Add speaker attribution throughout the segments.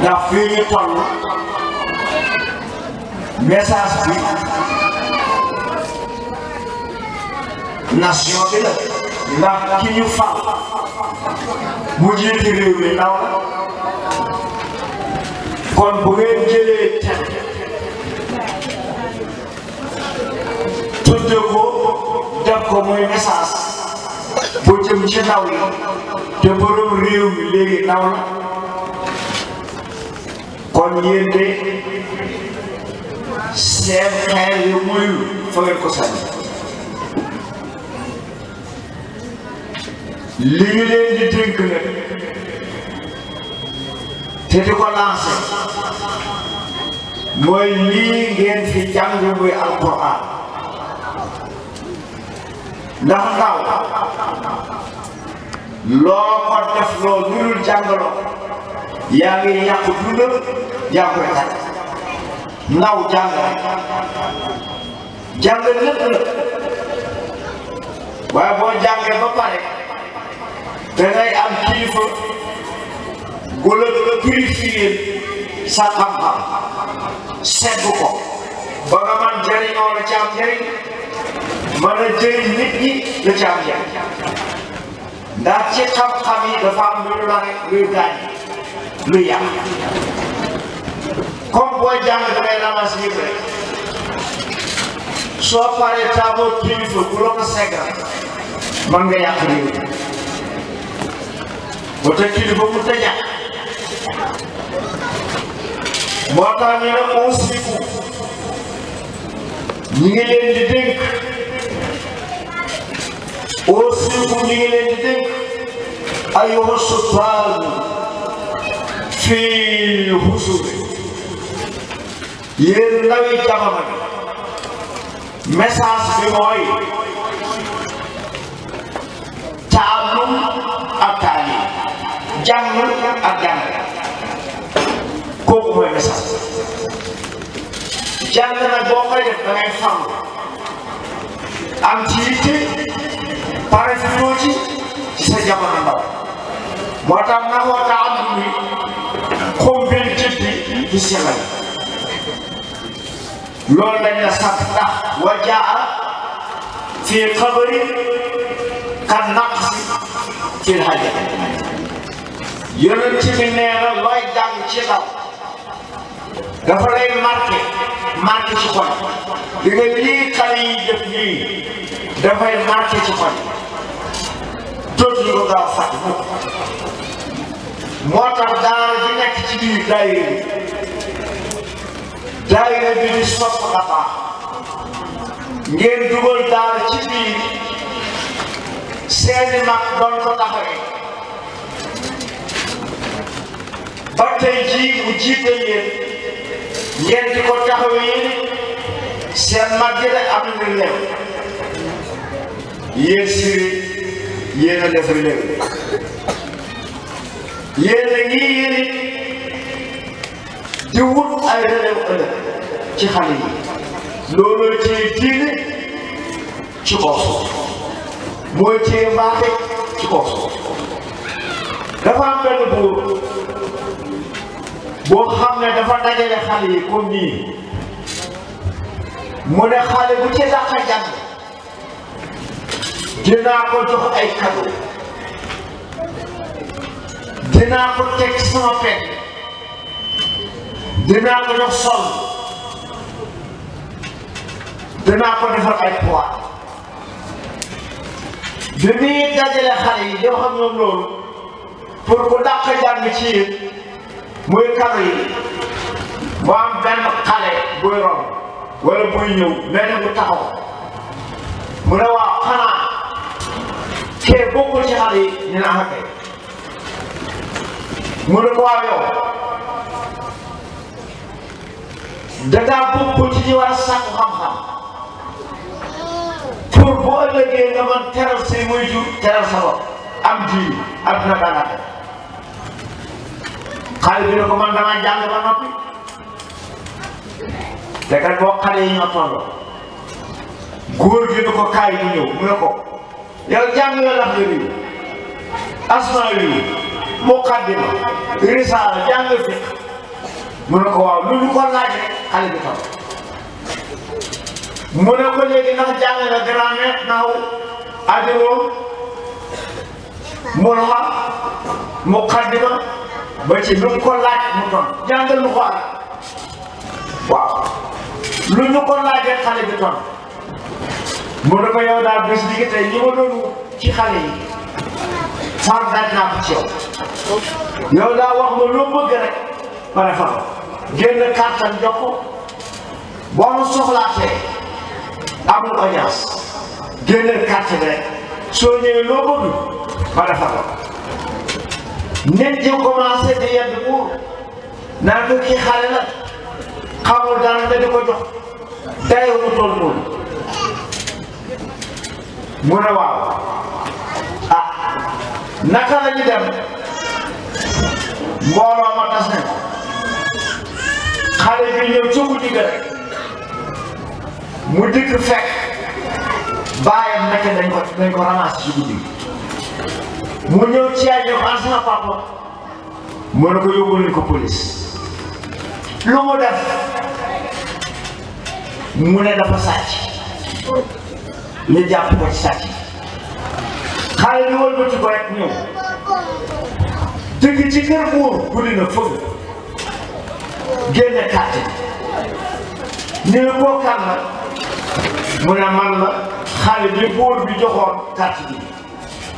Speaker 1: ndax fii ñu toll message bi nation bi la ndax ki ñu fal bu jiiti réew mi ndaw kon bu ngeen jëlee teg tudde ko def ko muy message bu jëm ci ndaw yi te borom réew mi léegi ndaw la kon yéen de seen yu muyu fa ngeen ko sànni li ñu leen te di ko lancé mooy lii ngeen fi jàng muy alquran ndax ndaw loo ko def loo lu dul yaa ngi yàqu dundam yaa koy tax ndaw jàng jàng lépp la waaye boo jàngee ba pare dangay am kilifa gu la purifier sa xam-xam sedd ko ba nga man jëriñoo la ci am njëriñ mën a jëriñ nit ñi la ci am njëriñ ndax ci xam-xam yi dafa am lu la rek luy gaañ lu yàq comme booy jàng dangay ramas nit rek soo paree taboo kilifa bu la ko seggal mën nga yàq réew bu te kilifa mu te ñàkk moo tax ñu ne uusiku ñu ngi leen di dénk uusiku ñu ngi leen di dénk ayuha sutaan fii xusuure yéen ndawi jamono bi message bi mooy taalum ak taalim jàng ak jàng kooku mooy message jàng nag boo koy def da ngay fàmm am ci pare fi ñoo ci ci sa jamono ndaw moo tax na ko taalum bi ci sima loolu lañ la sax ndax wa jaa fii xabari ka naqsi ci haja yonent bi nee na looy jàng ci ndaw dafa lay marqué marqué ci xol di nga lii xale yi def lii dafay marqué ci xol dootuñu ko gaaw fàtte moo tax daara ji nekk ci biir daayira daayira bi di sopp nga ngeen dugal daara ci biir seeni mag doon ko taxawee ba tey jii mu jiite yéen ngeen di ko taxawee yéen seen mag yi rek am na lew yéen siri yéen a def lew yéen a ngi yéen di wut ay relève ëllëg ci xale yi looloo ci kaw suuf mooy cee ci kaw suuf dafa am benn buur boo xam ne dafa dajale xale yi comme nii mu ne xale bu ci dàq jàng dinaa ko jox sol dinaa ko defal ay poids bi muy dajale xale yi yoo xam ñoom loolu pour ku dàq jàng ci muy kado yi am benn xale buy rom wala buy ñëw mel bu taxaw mu ne waaw xanaa kee bokkul ci xale yi ñu ne ah, mu ne ko waaw dangaa bokk ci ñi war a sàkku xam-xam pour bu ëllëgee nga mën teral muy jur teral sa bopp am ji adduna daanaka xale bi ne ko man damaa jàng ba noppi te kat boo xale yi ñoo toll góor gi ne ko kaay yi ñëw mu ne ko yow jàng nga lax yooyu asmaa yooyu mu ne ko waaw lu ñu ko laajee xale bi toog mu ne ko léegi ndax jàng nga grammaire naaw adiwo mulxa muqaddima ba ci mu ko laaj mu ton jàngal mu ko ak waaw lu ñu ko laajee xale bi ton mu ne ko yow bi tey li ma doon ci xale yi far daaj naa ko ci yow yow daa wax ma loo bëgg rek génn kàttan jox ko boo ma soxlaatee amul audience génneel kàttan rek soo ñëwee loo bëgg ma defal ko nit di yedd buur naan ko kii xale la xamul dara nga di ko jox day wutoon moom mu ne waaw ah naka la ñu dem mbooloo tas ne xale bi ñëw ca guddi ga mu dikk fekk baayam nekk dañ ko dañ ko ramasse mu ñëw ci yaay ñëw an mu ne ko yóbbu nañ ko police lu mu def mu ne dafa sàcc ñu jàpp ko ci sàcc xale bi wëlbati ko rek ñëw dëgg ci kër buur guddi na fëgg génne carte bi ñu ne mu ne bi buur bi joxoon carte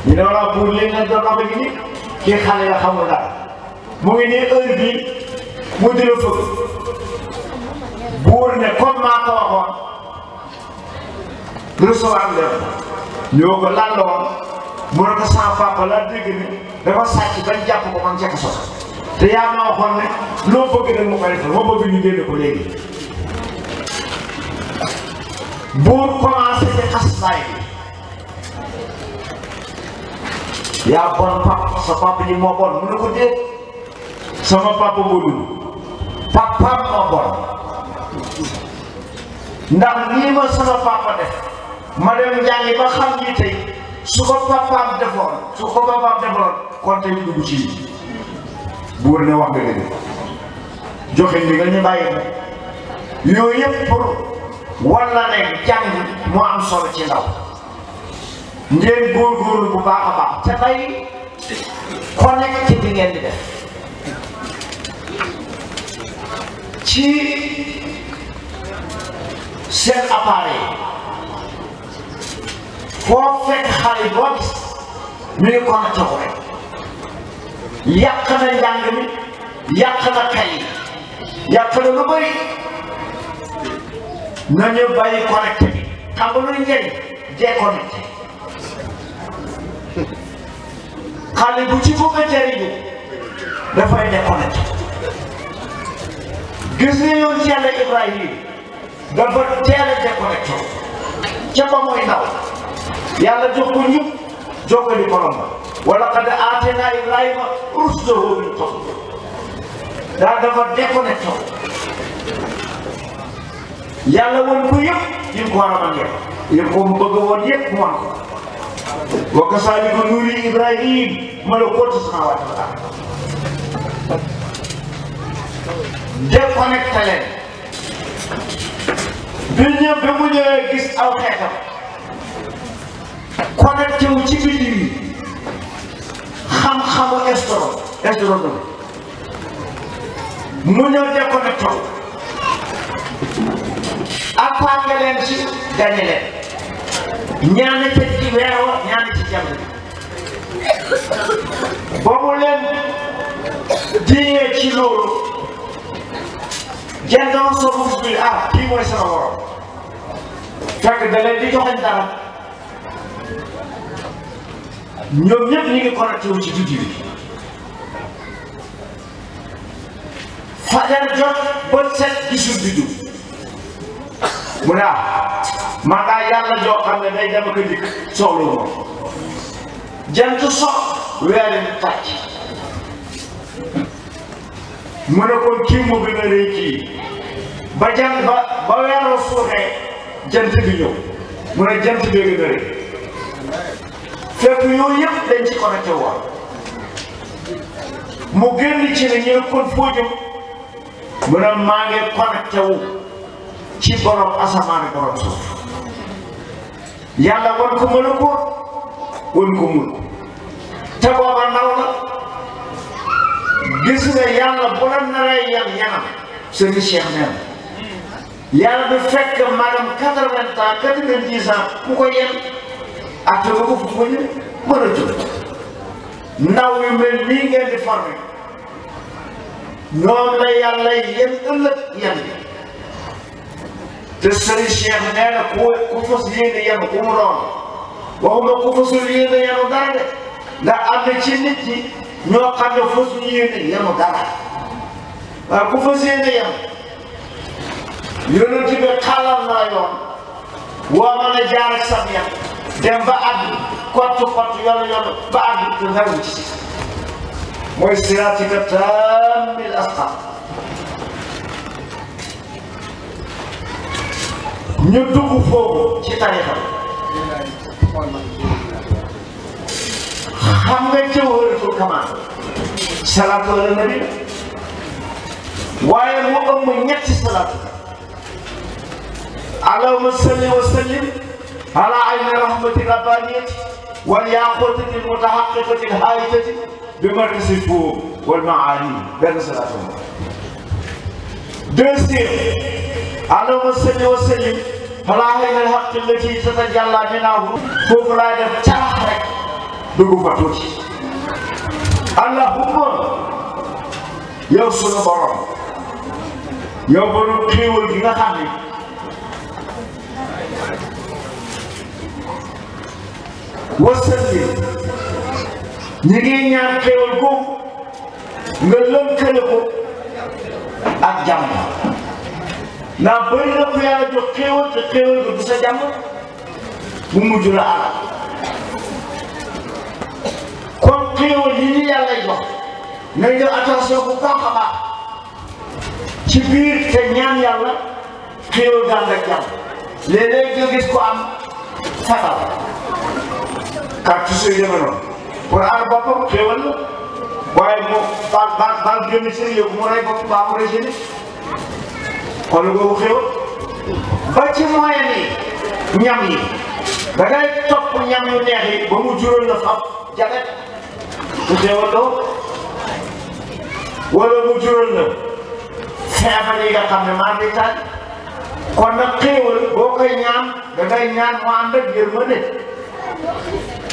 Speaker 1: bi ñu ne wala buur léegi nag doon na ni kii xale ya xamul mu ngi nii heure mu di la fëgg buur ne ko waxoon recevoir leen ñoo ko lan la woon mu ne ko sama papa laa dégg ni dafa sàcc bañ jàpp ko man ca te yaa ma waxoon ne loo bëgg da nga koy defal ma bëgg ñu génne ko léegi buur commencé ci xasaay bi yaa bon pap sa pap ji moo bon mu ne ko déet sama pap moo dund pap pap moo bon ndax lii ma sama papa def ma dem jàngi ba xam ni tey su ko papaam defoon buur ne wax nga dëgg joxe ndigal ñu bàyyi yooyu yëpp walla ne jàng mu am ci ndaw ngeen góorgóorlu bu baax a baax te tey connecté bi ngeen ci seen appareil foo fekk xale boo gis ñu ngi connecté yàq na njàng mi yàq na xel yàq na lu bëri nañu bàyyi connecté bi xam nga luy njëriñ déconnecté xale bu ci bëgg a jëriñu dafay gis nga yoon ci yàlla Ibrahim dafa teel a déconnecté ca ba mooy ndaw yàlla jox ko ñëpp jox ko di borom ولقد آتينا إبراهيم رشده من قبل daa dafa déconnecté yàlla woon ko yëpp yi mu ko war a mën yëpp yëpp ko mu bëgg woon yëpp mu am wa kazaalika nuri Ibrahim malakuuta samaawaati wal ard déconnecté leen bi ñëpp bi mu ñëwee gis aw xeetam connecté wu ci biir xam-xamu astro astronome mu ñëw déconnecté taw attaqué leen ci gagné leen ñaane ca ci weeroo ñaane ci jàmm ba leen diñee ci loolu jëndoon sa bopp bi ah kii mooy sama borom fekk da leen di joxañ dara ñoom ñëpp ñu ngi connecté wu ci tuuti bi fajar jot ba set gisul bi dugg mu ne
Speaker 2: ah
Speaker 1: man daa yàlla joo xam ne day dem ak a dikk soxla moom jant sox weer yi tàcc mu ne kon kii mu gën a rëy ba jant ba ba weeroo suuxee jant bi ñëw mu ne jant bi gën a fekk yooyu yëpp dañ ci connecté woon mu génn ci ne ñu kon foo jëm mu ne maa ngi connecté ci borom asamaan borom suuf yàlla wan ko mën a ko wan ko gis nga yàlla bu la naree yan yanam sëriñ Cheikh nee na
Speaker 2: yàlla du fekk
Speaker 1: maanaam quatre-vingts ans quatre-vingt-dix ku ko yen acte ko fu mu ñu a jóg ndaw yu mel nii ngeen di formé ñoom la yàlla yéen ëllëg yéen te Serigne Cheikh nee na ku ku fas yéene yéen ku mu doon waxuma ku fasul yéene am na ci nit ñi ñoo xam ne fasul yéene yéen dara waaye ku fas yéene yéen yoon woo mën a jaar sam yéen. dem ba àgg kottu kottu yoro yoro ba àgg lu naru ci mooy siraatika taamil asqam ñu dugg foofu ci tarixa xam nga jawharatul kamal salaatu ala nabi waaye mu ëmb ñetti salaatu allahumma salli wa sallim على عين رحمة ربانية والياقوتة المتحققة الحائجة بمركز الفوق والمعاني بين صلاتهم دوسين اللهم صل وسلم على عين الحق التي تتجلى منه فوق لا يفتح دغفا توتي اللهم يوصل برام يوم القيوم الغنى wasallim ñi ngi a xéewal googu nga lënkale ko ak jàmm na ko yàlla jox xéewal te xéewal nga du sa bu mujj la aar kon xéewal yi ñu yàlla jox nañ def attention bu baax a baax ci biir te ñaan yàlla xéewal daal nga jàmm léeg-léeg nga gis ko am saxaw cartouche yu demee noonu Quran boppam xéwal la waaye mu baal baal baal génn yow mu rey bopp baaxul rek jënd xool boobu xéwal ba ci moyen yi ñam yi da ngay topp ñam yu neex yi ba mu jural la fab jabet mu xéwal loo wala mu jural la feebar yi nga xam ne maa ngi taal kon nag xéwal boo koy ñaan da ngay ñaan mu ànd ak yërmande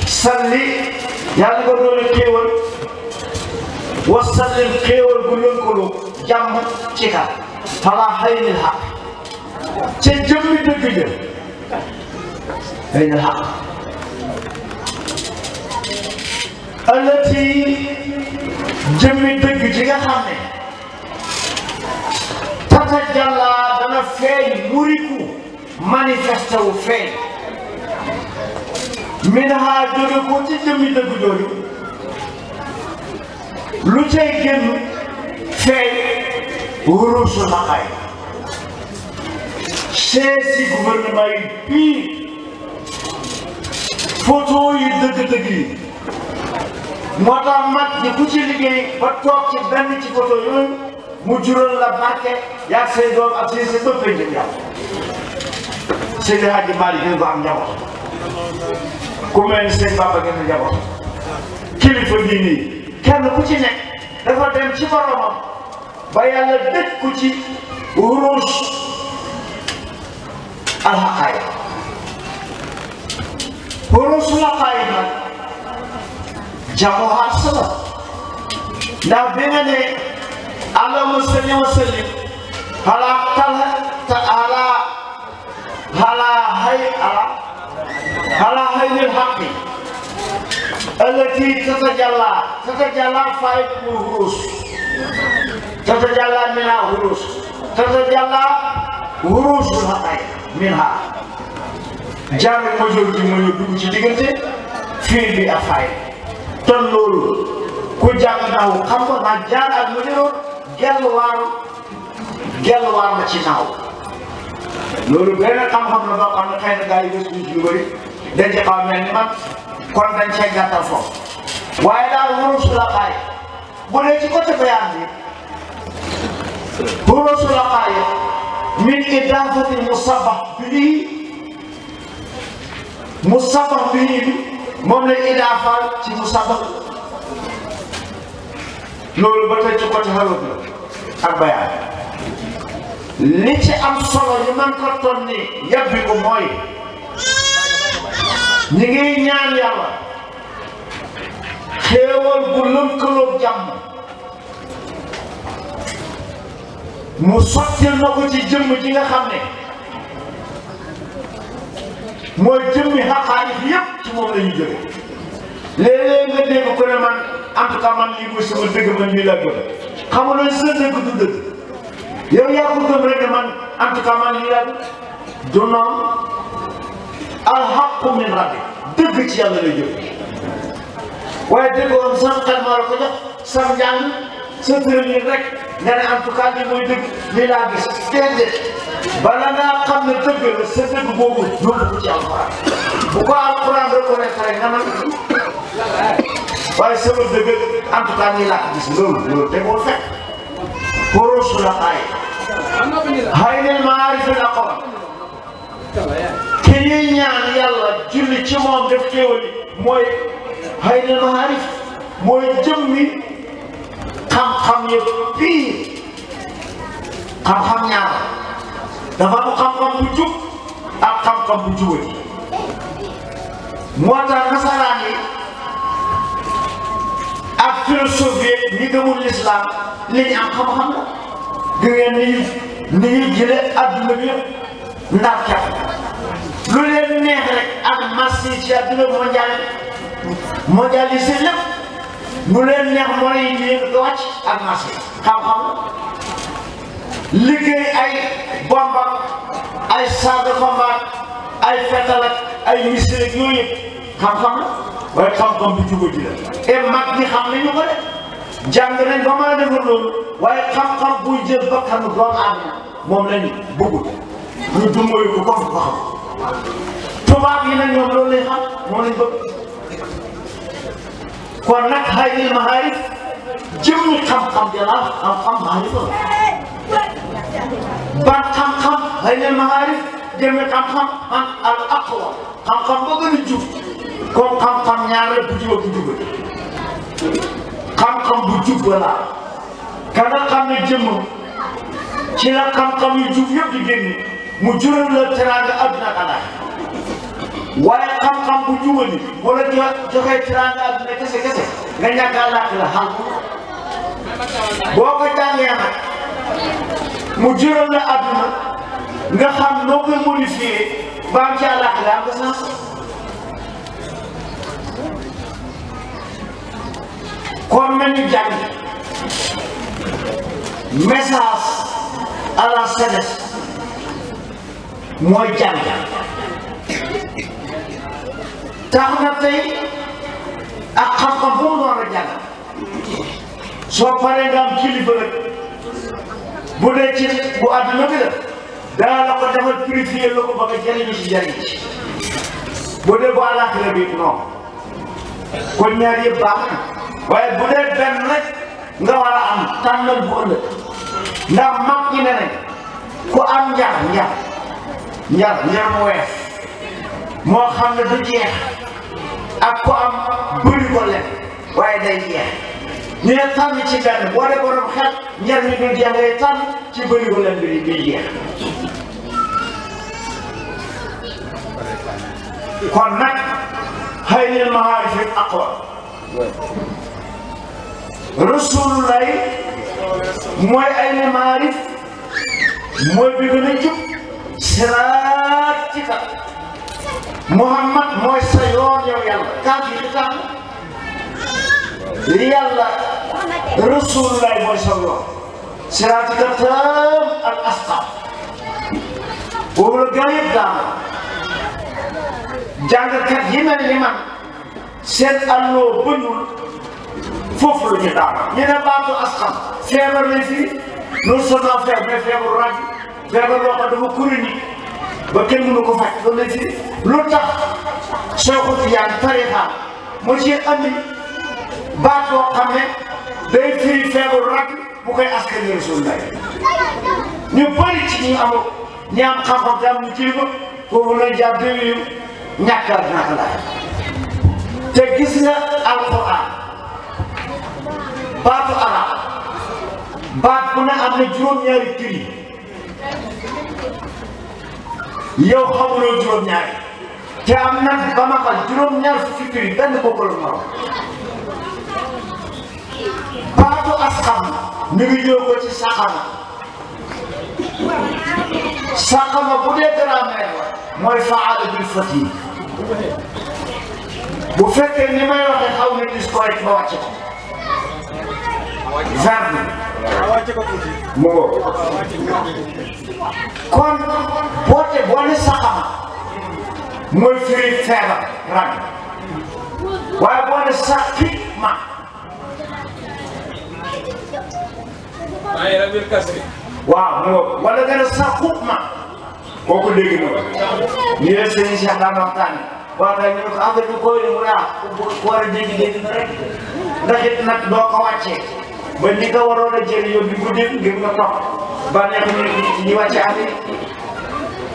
Speaker 1: salli yàlla nga doole xéewal wa sallim xéewal bu lëkkaloo jàmm ci ka fala xaynil xaq ca jëmmi dëgg jë xaynil xaq alati jëmmi tata jàllaa dana feeñ muriku manifesté wu minhaa jóge ko ci jëmmi dëgg jooju lu cay génn feeñ wurusu naqay chaise yi gouvernement yi bii photo yi dëgg-dëgg yi moo mag ñi ku ci liggéey ba toog ci benn ci photo yooyu mu jural la barke yaa say doom ak say sa bëpp njëg yàlla Seydi Hadji Malick ko am ku mel ni sëñ Bamba ngeen di njaboot kilifa gii nii ku ci nekk dafa dem ci boromam ba yàlla dëkk ku ci ruus alxaqaay ruus laqaay nag jamu xaas la ndax bi ne allahumma salli wa sallim ala tal ala ala hay ala على عين الحق التي تتجلى تتجلى فائد من هروس تتجلى منها هروس تتجلى هروس الحقائق منها jaar major ji mooy dugg ci diggante fii bi ak faay ton loolu ku jàng naaw xam nga naa jaar ak major gell waar gell waar la ci naaw loolu benn xam la boo xam ne xëy na gars yi day ci xaw ni man kon dañ cee gàttal foofu waaye daal wóorul su la xaay bu dee ci côté bayaan bi wóorul su la xaay min idaafati musabbax bi musabbax bi moom lañ idaafaal ci musabbax loolu ba tey ci côté xarut ak bayaan li ci am solo ñu mën ko ton ni mooy ñi ngi ñaan yàlla xéewal bu lëkkaloog jàmm mu sottil na ko ci jëmm ji nga xam ne mooy jëmmi xaqaarif yépp ci moom la ñu jóge léeg-léeg nga dégg ne man en tout cas man lii mooy sama dëgg man lii laa gëm xam nga sa dëgg du dëgg yow yaa ko gëm rek ne man en alxaqu min rabbi dëgg ci yàlla lay jóg waaye dëgg am sax xel moo la ko jox sam njàng sa tërëlin rek nga ne en tout cas lii mooy dëgg lii laa gis déedéet bala ngaa xam ne dëgg la sa dëgg boobu yóbbu ko ci alxuraan bu ko alxuraan reconnaître rek nga mën waaye sama dëgg en tout cas nii laa ko gis loolu loolu tegoo fekk korosu la xaay xay neen maarifin aqoon te ñuy ñaan yàlla julli ci moom def xéewal mooy xëy na maarif mooy jëmmi xam-xam yëpp fii xam-xam ñaar dafa am xam-xam bu jub ak xam-xam bu jubal moo tax nasaraan yi ak philosophie ñi gëmul lislaam li ñu am xam-xam la di ngeen ni ni ñuy jëlee adduna bi yëpp ndax lu leen neex rek ak marché ci àdduna mondial mondialisé lépp lu leen neex mooy yi leen ko wàcc ak marché xam-xam liggéey ay bombak ay char de ay fetal ay missile ak yooyu yëpp xam-xam la waaye xam-xam nañ ba mën a defar loolu moom lañu bëgg ñu dumóoyu ko comme ko xam tubaab yi nag ñoom loolu lay xam moo lañ bëgg kon nag maharif jëmmi xam-xam di la xam-xam maharif la ban xam-xam xayril maharif jëmmi xam-xam al aqwa xam-xam ba gën a jub comme xam-xam bu juba bu ka nga xam ne jëmm ci la xam-xam yu jub yëpp di mu jural la teraanga adduna ak alaaxira waaye xam-xam bu jubali wala jo joxe teraanga adduna kese kese nga ñàkk alaaxira xam boo ko jàngee nag mu jural la nga xam noo koy modifié ba am ci alaaxira am nga sens kon la jeunesse mooy jàng tax na tey ak xam-xam boo war a jàng soo paree nga am kilifa nag bu dee ci bu àdduna bi la daa la ko defal purifier la ko ba nga jëriñu ci jëriñ ci bu dee bu àllaaxira bi non kon ñaar yëpp baax na waaye bu dee benn rek nga war a am tànnal bu ëllëg ndax mag ñi ne ku am njar njar ñaar ñaar mu weex moo xam ne du jeex ak ko am bëri ko lekk waaye day jeex ñu ne tànn ci benn boo dee borom xel ñaar mi du jeex ngay tànn ci bëri ko lekk bi di jeex. kon nag xëy na mahaari fi aqwa rasulullah mooy ay maarif mooy bi gën a siraatika Muhammad mooy sa yoon yow yàlla kàddu yi kan li mooy sa siraatika tam al asqa boobu la gën yëpp daal jàngkat yi mel ni man seen alloo bëñul foofu la ñu daal ñu ne baatu asqa la fii non seulement feebar mais feebar boo xam dafa chronique ba kenn mënu ko faj ba métti lu tax Cheikh Tidiane tarixa mu ci andi baat boo xam day firi feebaru rag bu koy askan wi Rasulullah ñu bëri ci ñu amul ñi am xam-xam te am ñu kilifa foofu lañ jaar déwén yu ñàkk a naka laay te gis nga alquran baatu arab baat bu ne am na juróom-ñaari kii. yow xamuloo juróom-ñaar te am na ba ma xam juróom-ñaar fukki firi benn bokkul ak
Speaker 2: baatu asxam
Speaker 1: ñu ngi ñëw ko ci saxama saxama bu dee grammaire mooy faala bil bu fekkee ni may waxee xaw na gis correct ba wàcc jardin mu ngo kon boote boo ne saxam mooy firi feebar
Speaker 2: sax ki mu
Speaker 1: ngo wala nga ne sax xub ma kooku dégg na ñu ne sëñ Cheikh daan waxtaane waaw kay ñu ne ko affaire bi koy ah, war a dégg dégg na rek ndax it nag doo ko ba li nga waroon a jël yow di guddil ngir nga toog ba nekk ñu ñu wàcce affaire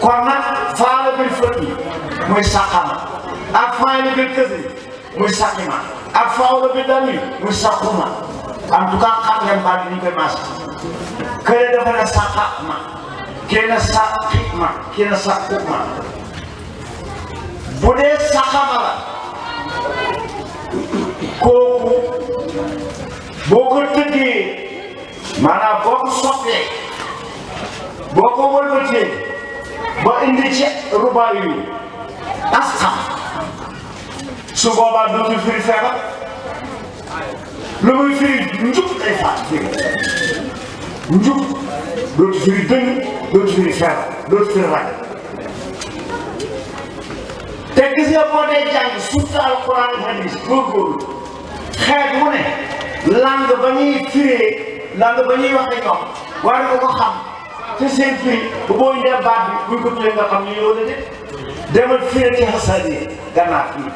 Speaker 1: kon nag faala bil fëti muy saqama ak faala bil kësi muy saqima ak faala bil dami muy saquma en tout cas xam ngeen baal ni ñu koy maas kële dafa ne saqama kii na saqima kii na saquma bu dee saqama la kooku boo ko tëggee maanaam boo ko sottee boo ko wëlbatee ba indi ci rubaay yu askan su boobaa dootul firi feebar lu muy firi njub ay faat firi njub dootu
Speaker 2: firi dëng
Speaker 1: dootu firi feebar dootu firi ragal te gis nga boo dee jàng surtout alquran ak hadis góorgóorlu xeet mu ne langue ba ñuy firee langue ba ñuy waxee ñoom war nga ko xam ci seen firi bu boo ñu dee ko xam ñu yow la de demal firee ci xasal yi gannaaw fii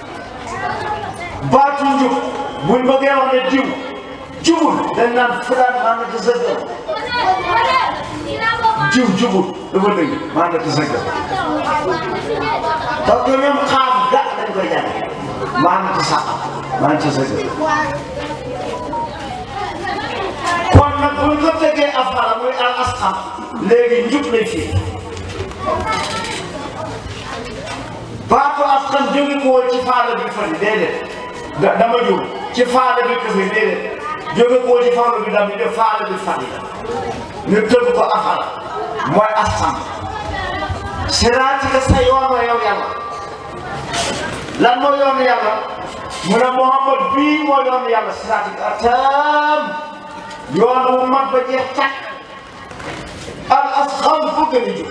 Speaker 1: baatu njub ne diw jubul dañ naan fulaan maa nga tasa gër jiw jubul dafa dëgg maa nga tasa gër parce que ga dañ koy jàng maa nga tasa maa nga ñoom nag bu ñu la tegee afara muy al asxam léegi njub lay fi baatu asxam jóge ko woon ci faala bi fan déedéet dama jóg ci faala bi këfër déedéet jóge ko woon ci faala bi dam ñu def faala bi fan ñu tëgg ko afara mooy asxam siraatika sa yoon la yow yàlla lan moo yoon yàlla mu ne Muhammad bii moo yoon yàlla siraatika atam yoon wu mag ba jeex tàkk al asxam bëgg a di jóg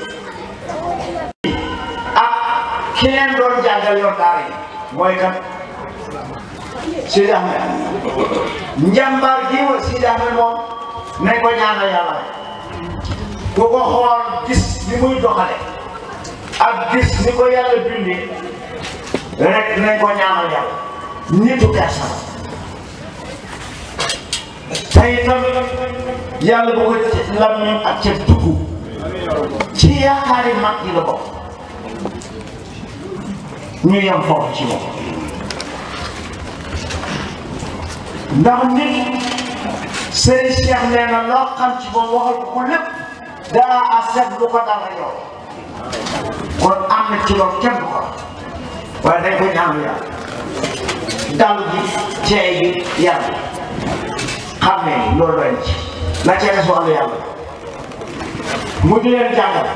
Speaker 2: ak
Speaker 1: ah, ki leen doon jàngal yor daara mooy kat Sidi Ahmed njàmbaar gi wa Sidi Ahmed moom nañ ko ñaanal yàlla ku ko xool gis ni muy doxale ak gis ni ko yàlla bindee rek nañ ko ñaanal yàlla nitu kersa tey itam yàlla bu ko lammiñ ak ca dugg ci yaakaari mag yi la bokk ñu yem foofu ci moom ndax nit Serigne Cheikh nee na loo xam ci moom waxal ko ko lépp daa a seet lu ko dara yow kon am ci loolu kenn du waaye dañ ko ñaan yàlla dal bi xam ne loolu doy na ci la ca des wàllu yàlla mu di leen jàngal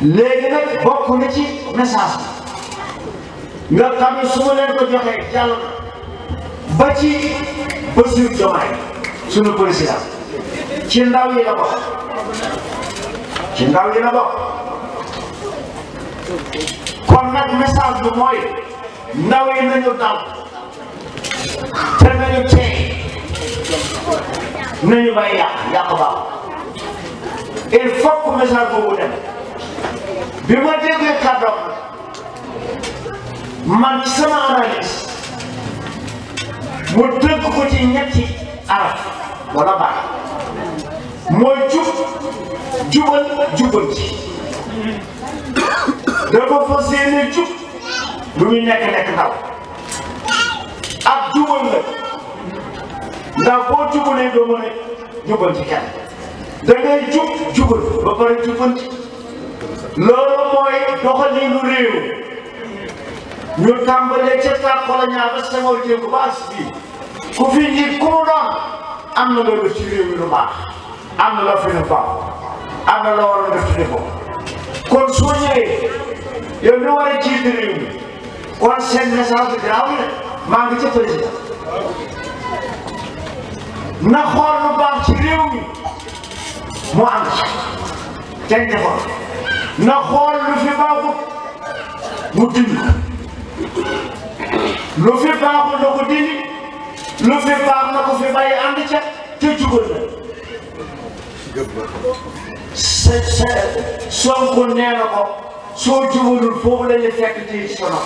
Speaker 1: léegi nag bokk na ci message bi nga xam ne su ma leen ko joxee jàll ba ci Bassirou Diomaye sunu président ci ndaw yi la bokk ci ndaw yi la bokk kon nag message bi mooy ndaw yi nañu dal te nañu tee nañu bàyyi yàq yàq baaxul il faut que message boobu dem bi ma déggee kàddoom man ci sama analyse mu jub jubal jubanti dafa fas yéene jub lu muy nekk nekk ndaw ak jubal la. ndax boo jubalee doo mën a jubal ci kenn da ngay jub jubal ba pare jubal ci loolu mooy doxalinu réew ñu tàmbalee ca tàqala ñaar ba sangoo jéem ba assi ku fi njiit ku mu doon am na loolu ci réew mi lu baax am na loo fi lu baax am na loo war a def ci defoo kon soo ñëwee yow li war a jiite réew mi kon seen message bi daaw la maa ngi ca président na xool lu baax ci réew mu am ci teg ko na xool lu fi baaxut mu lu fi baaxut na lu fi baax na ko fi bàyyi ànd ca te jubal na sa sa Sonko nee na ko soo jubalul foofu la ñu fekk ci sono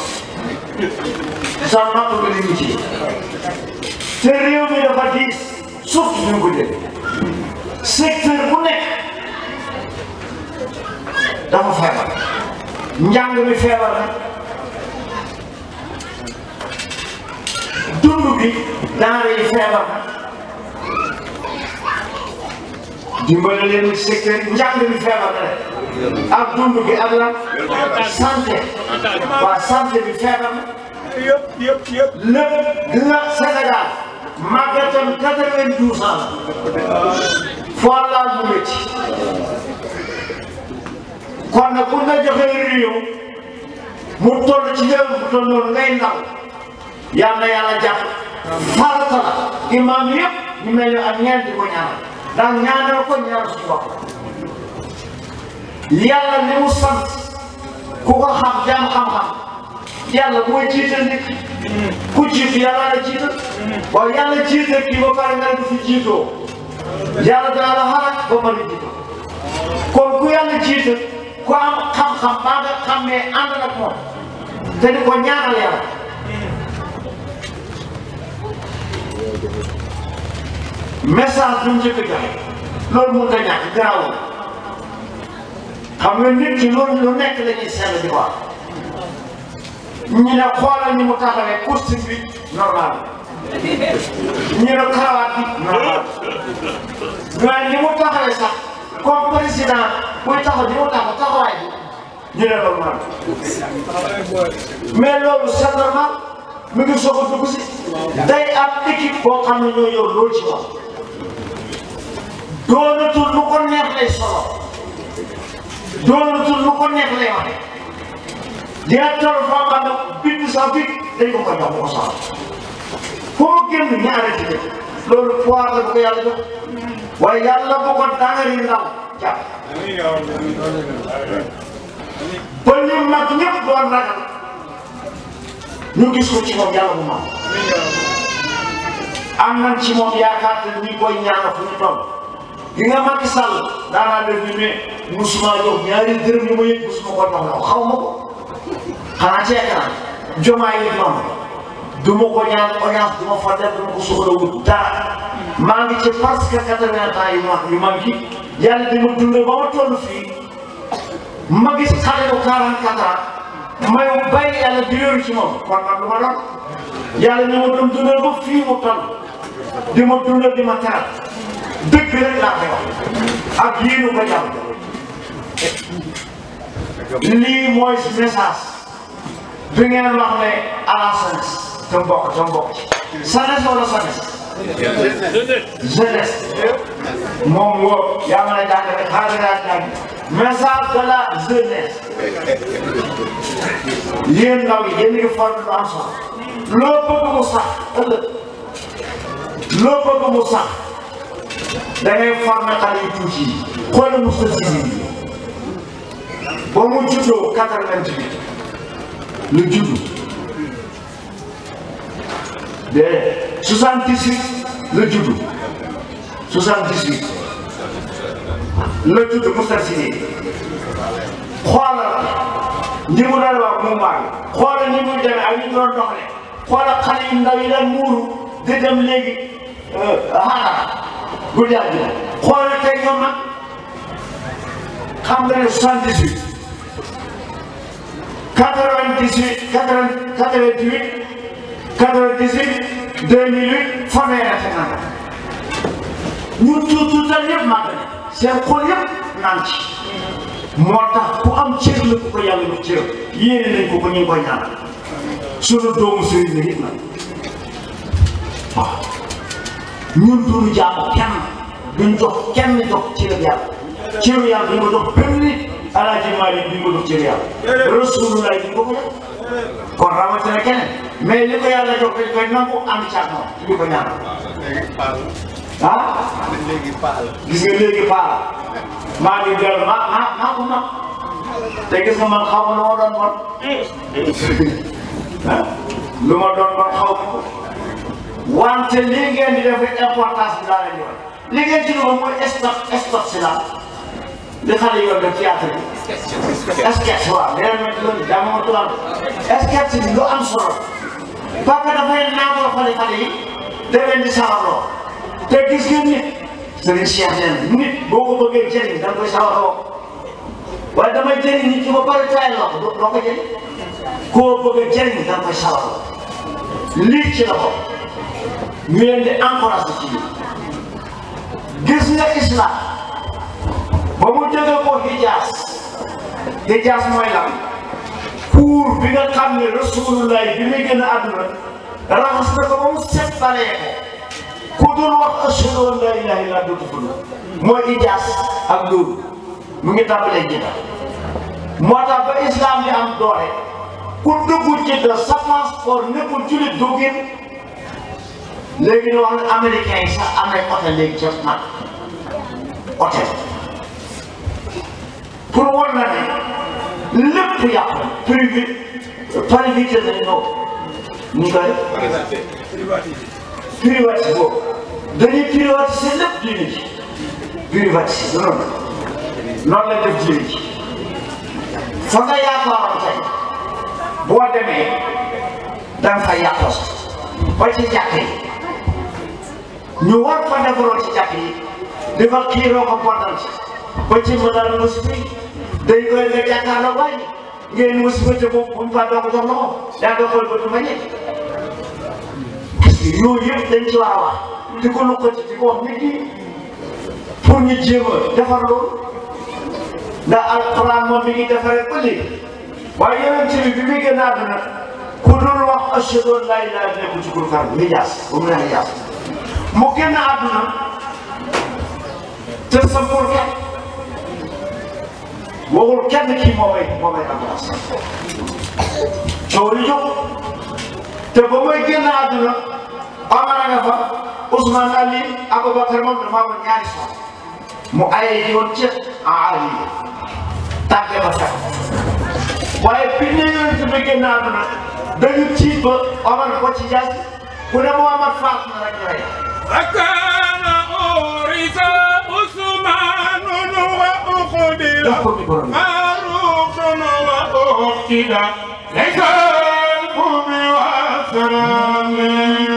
Speaker 1: sa nopp ci te réew mi dafa diis surtout suñu budget secteur bu nekk dafa feebar njàng mi feebar na dund bi denrée yi feebar na dimbale leen secteur njàng mi feebar na rek ak dund bi ak lan santé waa santé bi feebar na lépp lépp lépp Sénégal màggatam quatre-vingt-douze ans foo laal mu métti nag bu na joxee réew mu toll ci réew bu toll noonu ngay ndaw yal na yàlla jàpp farata la imaam yëpp ñu mel ni ak ñeent di ko ñaanal ku ko xam jàmm xam-xam yàlla mooy jiital nit ku jiitu yàlla la jiital waaw yàlla jiital kii ba pare nga ne fi jiitoo yàlla dana la a jiital kon ku yàlla jiital ku am xam-xam maa nga xam ne na moom te di ko ñaanal yàlla message bu njëkk joxe loolu mun nga ñàkk garaawul xam nga nit ki lu nekk la ñuy seetlu di wax ñu ne xoolal ñu mu taxawee course bi normal ñu ne karawaat bi normal mu taxawee sax comme président buy taxaw ni mu taxaw taxawaay bi ñu ne normal loolu c'est normal mi ngi soog a dugg si day am équipe boo xam loolu ci wax doonatul lu ko neex lay directeur Fapal nag biñ ñu saa biñ dañ ko koy jox mu foo génn ñaare ci def loolu poids la bu ko yàlla jox waaye yàlla bu ko dangari ndaw jàpp. ba li mag ñëpp doon ragal ñu gis ci moom yàlla bu mag ci moom yaakaar te ñu koy ñaanal fu ñu toll. gi nga Macky Sall daanaa def ni mais musuma jox ñaari dërëm yu ma yëg musuma ko jox ma ko xanaa cee kanam jomaa yi moom du ma ko ñaan audience du ma fa def du wut dara maa ngi ci parce que quatre-vingts ans yu ma yu ngi yàlla di ma ba ma fii ma gis xale bu quarante-quatre ans may bàyyi yàlla di wéeru ci moom kon man du ma doon yàlla ni ba fii mu toll di ma dundal di dëgg rek laa koy wax ak yéenu ko jàll lii mooy si message bi ngeen wax ne à la jeunesse te mbokk te mbokk jeunesse wala jeunesse a jàngale xaaral yaa jàng la jeunesse yéen ndaw yi yéen ngi forme lu am solo loo bëgg mu sax ëllëg loo bëgg mu sax da ngay former xale yu tuuti yi xoolal Moustapha Sy bi ba mu juddoo quatre-vingt-huit lu juddu de soixante-dix-huit la juddu soixante-dix-huit la juddu Moustapha Sy xoolal ñi mu doon wax mu maag xoolal ñi muy demee ak ñi doon doxale xoolal xale yu ndaw yi muuru di dem léegi euh,
Speaker 3: xaaral
Speaker 1: bu yàgg xoolal tey ñoom nag xam nga ne soixante dix huit quatre vingt dix huit quatre vingt quatre vingt huit quatre vingt dix huit deux mille huit fanweer ak nangam ñu tuut tuutal ñëpp ci moo tax ku am cër la ku ko yàlla bu cër yéene nañ ko ko ñu ngi koy ñaan sunu doomu sëriñ ñun duñu jaamu kenn duñ jox kenn jox cër yàlla cër yàlla duñ ko jox benn nit alaaji Maalik duñ ko jox cër yàlla rasulullah duñ ko ko jox kon rawatina keneen mais li ko yàlla jox dañ koy nangu ànd caag moom di ko ñaan ah gis nga léegi paal maa ngi dellu maa maa maa ko mag te gis nga man xaw ma lu ma doon man eh. lu ma doon man xaw ma ko wante lii ngeen di def importance bi laa leen yoon li ci doon mooy stock stock si la li xale yoon def théâtre bi sketch waaw léeg ma loolu dama tuwal sketch bi lu am solo parce que dafay naawoo xale xale yi da leen di sawarloo te gis nit sëriñ Cheikh neen nit boo ko bëggee jëriñ da nga koy sawarloo waaye damay jëriñ nit ki ba pare tayal la ko doo koo bëggee jëriñ da nga koy sawarloo lii ci ñu leen di encouragé ci bi gis nga islam ba mu jóge ko hijaas hijaas mooy lan pour bi nga xam ne rasulullah bi muy gën a àdduna na ko ba mu set balee ko ku dul wax ashhadu an laa ilaaha illallaah mooy hijaas ak loolu mu ngi tàmbalee jidda moo tax ba islam bi am doole ku dugg jidda sa passeport nekkul julit duggin léegi ñu wax ne américain yi sax am nañ hôtel léegi ca mag hôtel pour war na ne lépp yàqu privé privé lañ noo ñu koy privatisé boobu dañuy privatisé lépp diine ji privatisé noonu noonu fa nga yaakaaroon boo demee da nga fa yàqoo ba ci jàkk ñu war fa defaroo ci jàkk yi dafa xiiroo ko bonal ba ci mën a musiba day koy nga jàkkaarloo waay ngeen musiba te moom mu faa doo ko jox loxo daa doo ma ñëw yooyu yëpp ci war a wax di ko di ko wax nit ñi pour ñu jéem a defar loolu ndax alxuraan moom mi ngi defaree ba léegi waaye yeneen ci bi muy gën a àdduna ku dul wax ashhadu an laa ilaaha illallaah ci gul far mi jaas ba mu ne jaas mu génn àdduna te sampul kenn waxul kenn kii moo may moo may ambulance coow li te ba muy génn àdduna Omar nga fa Ousmane Ali Aboubacar moom dafa amoon ñaari soxla mu ayee yoon ci Ali tànke ba sax waaye bi ne yonent bi génn àdduna dañu tiit ba Omar ko ci jaasi ku ne Muhammad faat
Speaker 3: na rek وكان أورث عثمان وأخدر فاروق وأخدر لقلب بوسرامي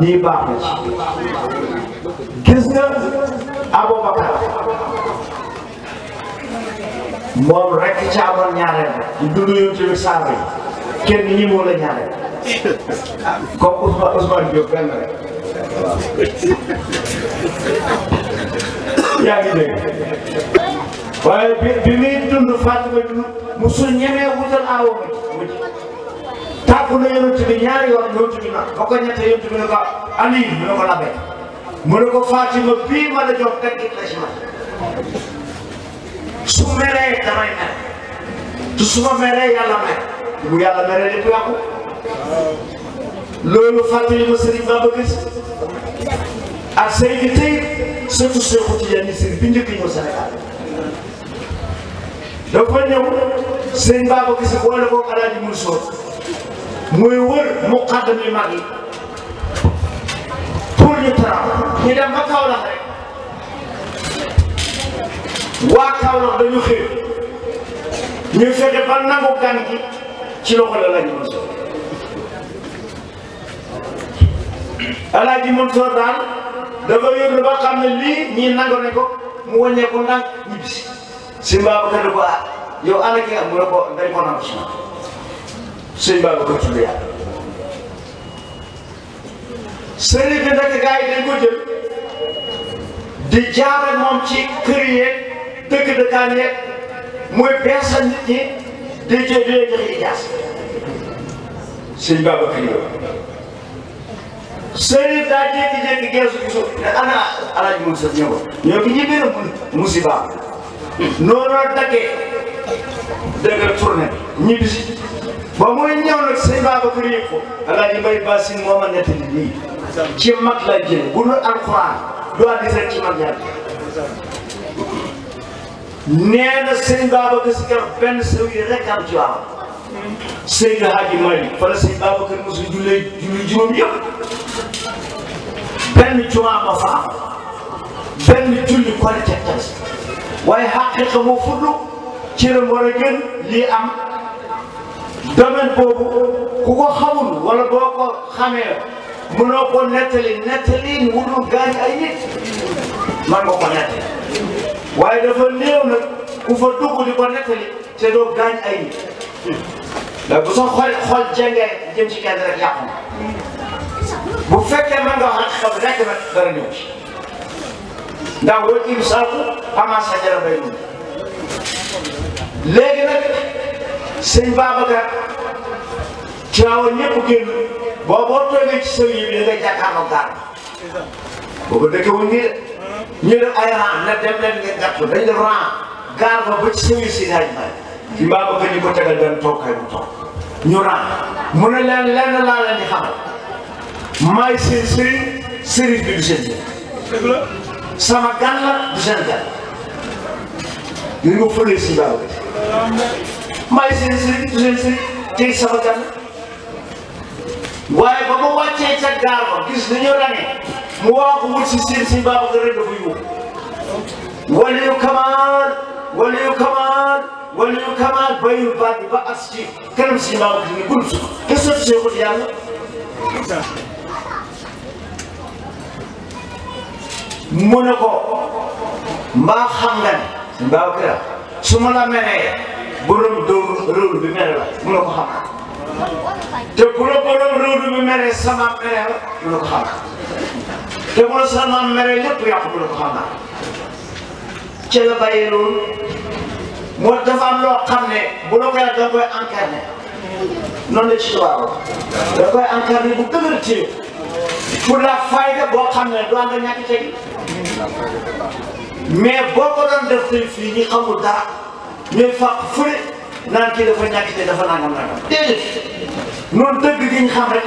Speaker 1: lii baax na ci gis nga Aboubacar moom rek caamoon ñaareel di dund yoon ci biir saaba kenn ñi moo la ñaareel comme Ousmane Ousmane Diop yaa ngi dégg waaye bi bi muy dund Fatima mu su ñemee wutal aawam taafu na yonent bi ñaari yoon yonent bi nag ba ko ñette yonent bi ne ko Aliou mu ne ko labee mu ne ko Fatima bii ma la jox tekkit la si ma su meree damay mer te su ma meree yàlla mer bu yàlla meree lépp yàqu loolu fàttali ma sëriñ Babacar Si ak Seydi tey surtout Seexu Tijaan sëriñ bi njëkk ñëw Sénégal dafa ñëw sëriñ Babacar Si boole ko Alaaji Mansour muy wër muqaddam yu mag yi pour ñu taraw ñu dem ba Kaolack rek waa Kaolack dañu xëy ñu fexe ba nangu gan gi ci loxo la lañu mën Alaaji Mansoor daal dafa yóbbu ba xam ne lii ñii nangoo ne ko mu wàññeeku ndànk ñibbi si Mbaa ba ko ah, yow àll nga mu ne ko dañ ko nangu si sëñ Ba la ko tudd yàlla sëriñ bi nag gars yi dañ di jaare moom ci kër yeeg dëkk dëkkaan yeeg muy beesal nit ñi di jël di leen jox ijaas sëñ Ba ba kër sëriñ bi daa jékki-jékki geesu gisu ne ana alaaj mun sa ñëw ñoo ngi na musiba noonu la daggee dëgg ñibbi si ba muy ñëw nag sëñ Babacar yëpp ko alaaji Mbay Basin moo ma nettali lii ci mag la jël bu nu alxuraan du hadiis rek ci mag ñaar nee na sëñ Babacar si kar benn saw yi rek am ci waaw sëñ la Haaji Malik fa la sëñ Babacar mosu jullee julli juróom yëpp benn jumaa ba fa am benn julli kone ca tas waaye xaqiqa moo fudd ci la war a gën lii am domaine boobu ku ko xamul wala boo ko xamee mënoo ko nettali nettali wudul gaañ ay man nga ko nettali waaye dafa néew nag ku fa dugg di ko nettali te doo gaañ ay nit ndax bu sa xol xol jengee jëm ci kenn rek yàqu bu fekkee man nga wax xam nekk nag dara ñëw ci ndax wal imsaaku amaa sajara bay léegi nag sëñ Babacar Tiwaawan ñëpp génn boo boo toogee ci sëriñ yi da ngay jàkkaarloo gaar boobu dëkk wuñ nii de ñu ne ay ran nga gàttu dañ def ran gaar ba ba ci sëriñ si daaj bay ci Babacar ñu ko toog ñu ran mu ne leen lenn laa leen di xamal maay seen sëriñ sëriñ bi du seen gan la du seen gan li nga fëlee si Babacar maay seen sëriñ du seen sëriñ tey sama gan waaye ba ma wàccee ca gaar ba gis dañu rane mu waa ko wut si seen si baaba nga rek dafa yuux wala yu kamaan wala yu kamaan wala yu kamaan bayul baat bi ba as ci kanam si maam di ne gudd te sot seexul yàlla mu ne ko mbaa xam nga ne si mbaa kira su ma la menee borom dóor réew bi mere la mu la ko xamal te bu la borom réew bi mere sama mere la mu la ko xamal te bu la sama ko xamal ci la bàyyee loolu moo dafa am loo xam ne bu la ko yàgg da koy incarné noonu la ci tubaab da koy incarné bu dëgër ci pour la boo xam ne doo nga ñàkk tegi mais boo ko doon def tey fii xamul dara ñooy fàq fure naan kii dafa ñàkk te dafa nangam nangam déedéet noonu dëgg ñu xam rek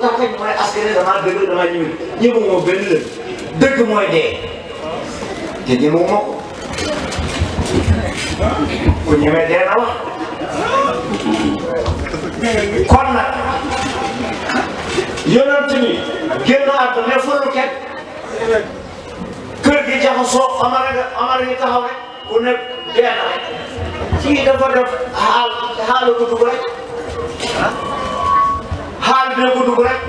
Speaker 1: tax rek mooy askan wi damaa dëgg damaa ñëw dee te moo ko ku dee na wax kon nag yonent ni génn àdduna ne fëlu kenn kër gi jaxasoo amara nga amara ñu taxaw rek ku nekk. benn rek kii def xaal xaal la ko dugg rek xaal dina ko dugg rek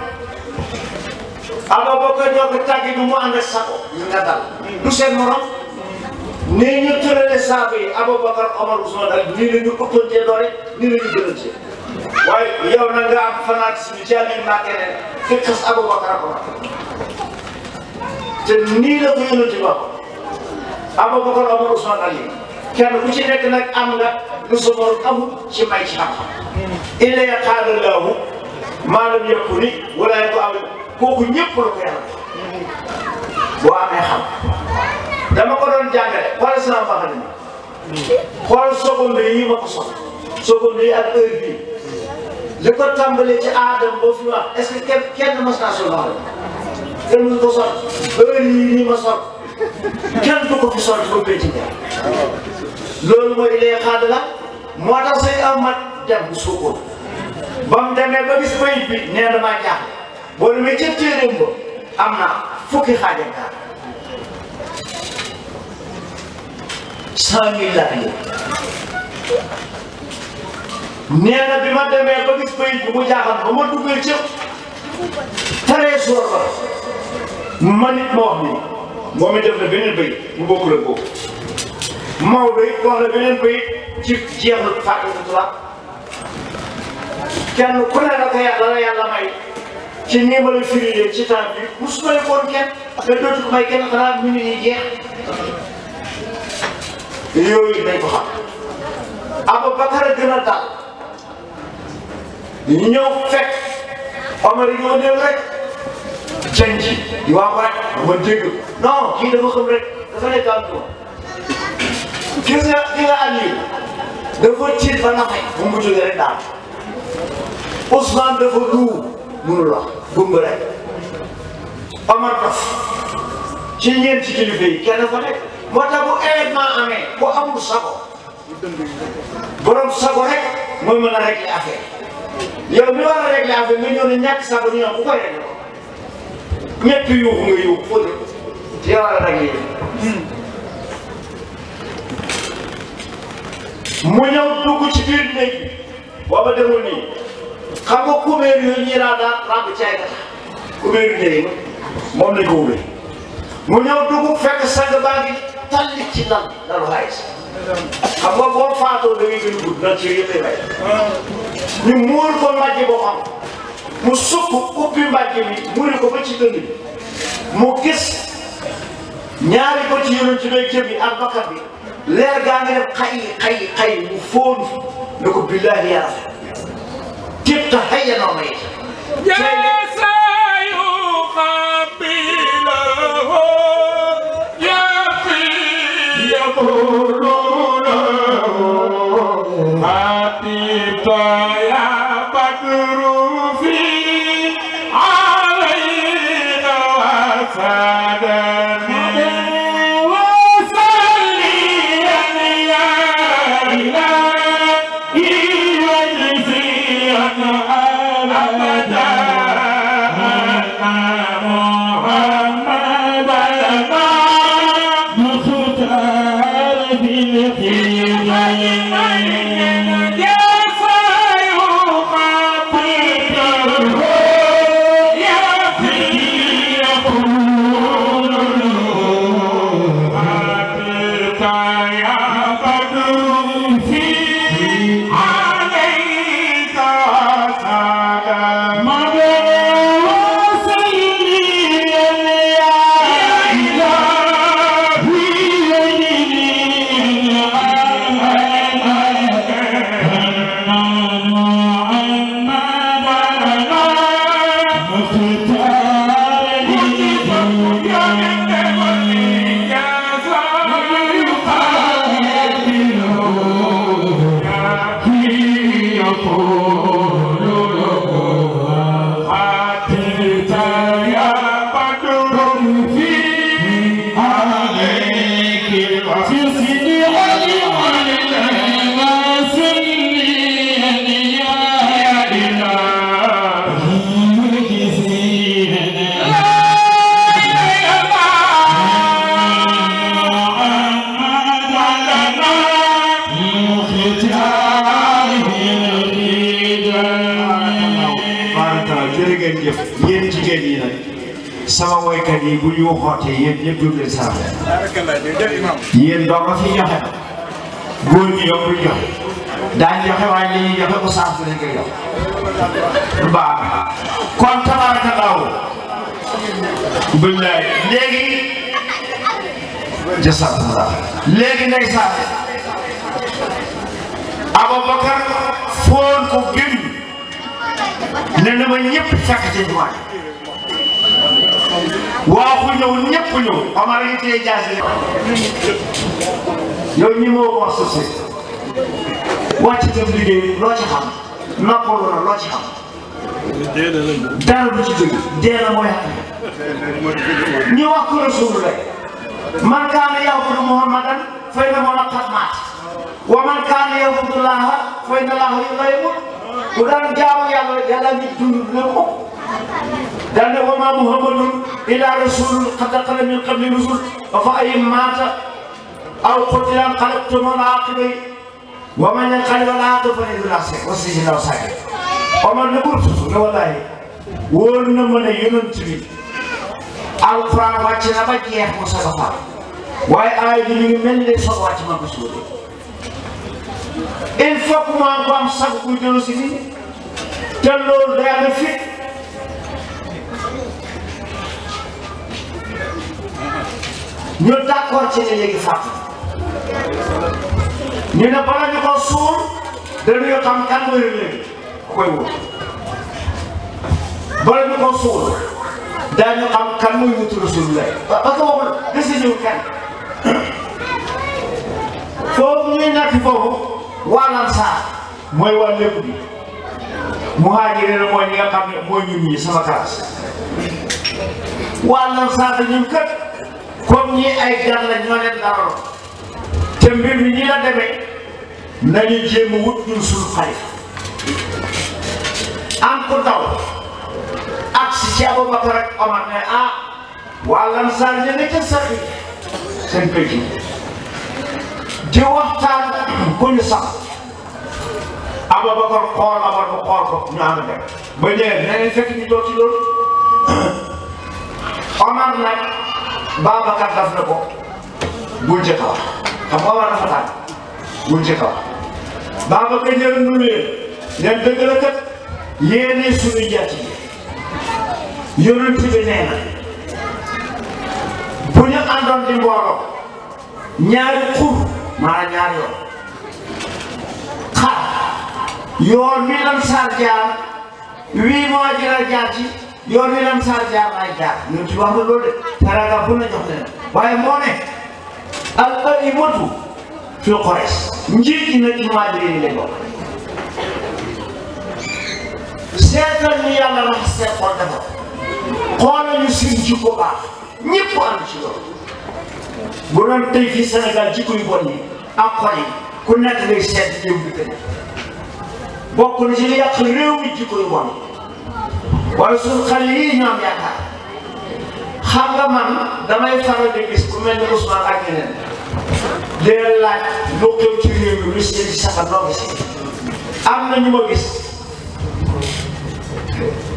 Speaker 1: xam boo koy doog a mu ànd ak sako nga dal du seen morom ne ñu tëralee saako yi Aboubacar Omar Ousmane ak nii la ñu ëppantee doole nii la ñu gënantee waaye yow na nga am fanatisme bi jaamin Mbàkke ne fekk xas Aboubacar ak Omar te nii la ko yónnati ba Omar Ousmane Ali kenn ku ci nekk nag am nga lu sa borom amul ci may ci xam-xam illa yaqaala laahu maa lam yakuni wala yakun kooku ñëpp la ko yàlla boo amee xam dama ko doon jàngale xoolal sama mbaxane mi xool ma ko sol seconde yi ak heure bii li ko tàmbalee ci aadam boo fi wax est-ce kenn kenn mas naa sol loolu kenn ma sol kenn du ko fi sol ci ko pénc loolu mooy lee xaadala moo tax say ma dem suukoon ba mu demee ba gis bayit bi nee na maa jaaxle boo demee ca téeréem ba nee na bi ma demee ba gis bayit bi mu jaaxal ba ma duggee ca trésor ba ma nit ma wax ni moom it def na beneen bayit mu bokkul ak boobu Maodo it wax na beneen ci jeexul Faatixatu kenn ku ne la yàlla may ci nii ma ci temps bi mosu ma yëgoon kenn nga dootu ko may kenn yooyu dañ ko xam Abubakar a gën a dal ñëw fekk Omar ñoo néew rek ci di wax rek ma dégg non gis nga li nga Aliou dafa tiit ba nafay bu mu jógee rek daal Ousmane dafa duub mënul wax gumb rek Omar Tass ci ñeent ci kilifa yi kenn fa nekk moo tax bu événement amee bu amul sago borom sago rek mooy mën a régler affaire yow mi war a régler affaire nga ñëw ne ñàkk sago ñu naan ku koy régler ñëpp yuuxu nga yuuxu fóote yow a régler mu ñëw dugg ci biir néeg bi booba demul nii xam nga kubéer yooyu ñii daa daan ràbb caay kata kubéeru néeg moom lañ ñëw dugg fekk sang baa ngi talli ci lal dalu xaalis xam nga boo faatoo da ngay gën a gudd nan ci yëpp lay ñu muur ko mbàjj boo mu sukk ubbi mbàjj bi muri ko ba ci dënd mu gis ñaari ko ci yonent bi ak bakkat bi leer gaa ngi def xay xay xay mu fóon ne ko billahi ya rasul tibta hayyanoo ma
Speaker 3: it يقولون حبيبا يا بدر
Speaker 1: ñu xootee yéen ñëpp jóg leen sarax yéen doo ko fi joxe góor ñi doo koy joxe daañu joxe waaye li ñuy joxe ko saaf lañ koy jox bu baax kon tabaarakallaahu billaay léegi jasakumullah léegi ndeysaan Aboubacar foon ko gën ne na ma ñëpp fekk ci jumaa waaw ku ñëw ñëpp ñëw Omar yi téye jaasi yow ñi moo wax sa si wàcc dem liggéey loo ci xam noppalu na loo ci xam dara du ci dëgg dee na mooy xam ñi wax ko rasul rek man kaana ya'budu muhammadan fa innahu qad maat wa man kaana ya'budu llaaha fa inna llaaha lam yamut ku daan jaamu yàlla yàlla nit dund na ko daan ne wa maa muhammadun إلى رسول قد خلت من قبل رسل أفإن مات أو قتل انقلبتم على عقبيه ومن ينقلب على عقبه فإن وسجن أو ساكت Omar ne Bour Fousou ne wallaahi wóor na ma ne yonent bi alxuraan wàcc na ba jeex mu sa dafa waaye aay bi ñu ngi mel ne soog wàcc ma ko suul il faut que mu am ko am sago bu jëloon si nii te loolu day am ñu d'accord ci ne léegi faatu ñu ne bala ñu ko suul dañuy xam kan mooy léegi ku koy wut bala ñu ko suul daañu kan mooy wutu Rasulullah parce que waxul dese ñëw kenn foofu ñuy nekk foofu waalan saa mooy wàll mooy ñi nga xam ne mooy ñun ñii sama classe waalan comme ñii ay gan la ñoo leen daroon te mbir mi ñi la demee nañu jéem wut ñun suñu xalifa am ku daw ak si ci Aboubacar rek Omar ne ah waa Lansar ñu ne ca sax seen pécc di waxtaan ku ñu sax Aboubacar xool Omar mu xool ko ñu ànd dem ba ñëwee na leen fekk ñu toog ci loolu Omar nag Babacar daf na ko bul ci xaw xam nga war na fa tànn bul ci xaw Babacar ñëw nu leen leen dëgg la kat yéene suñu nee na bu ñu di mbooloo ñaari xur maanaam ñaari yoon xar yoon mi lan sar jaar wii moo jëla jaar yoon wi lan saa jaar laay jaar ñun ci wax na loolu de teraanga bu na jox leen waaye moo ne al aimatu fi Quraysh njiit yi nag ci muhaajiriin yi lañ bokk seetal ñu la seet xool dafa xoolal ñu suñu jikko baax ñëpp am ci loolu bu doon tey fii Sénégal jikko yu yi ak xol yi ku nekk ngay seet jiw bi bokk na ci li yàq réew mi jikko yu bon waaye suñu xale yii ñoom yaakaar xam nga man damay faral di gis ku mel ni Ousmane ak ñeneen dee laaj lu xew ci réew mi lu seen ci saxal noo gis am na ñu ma gis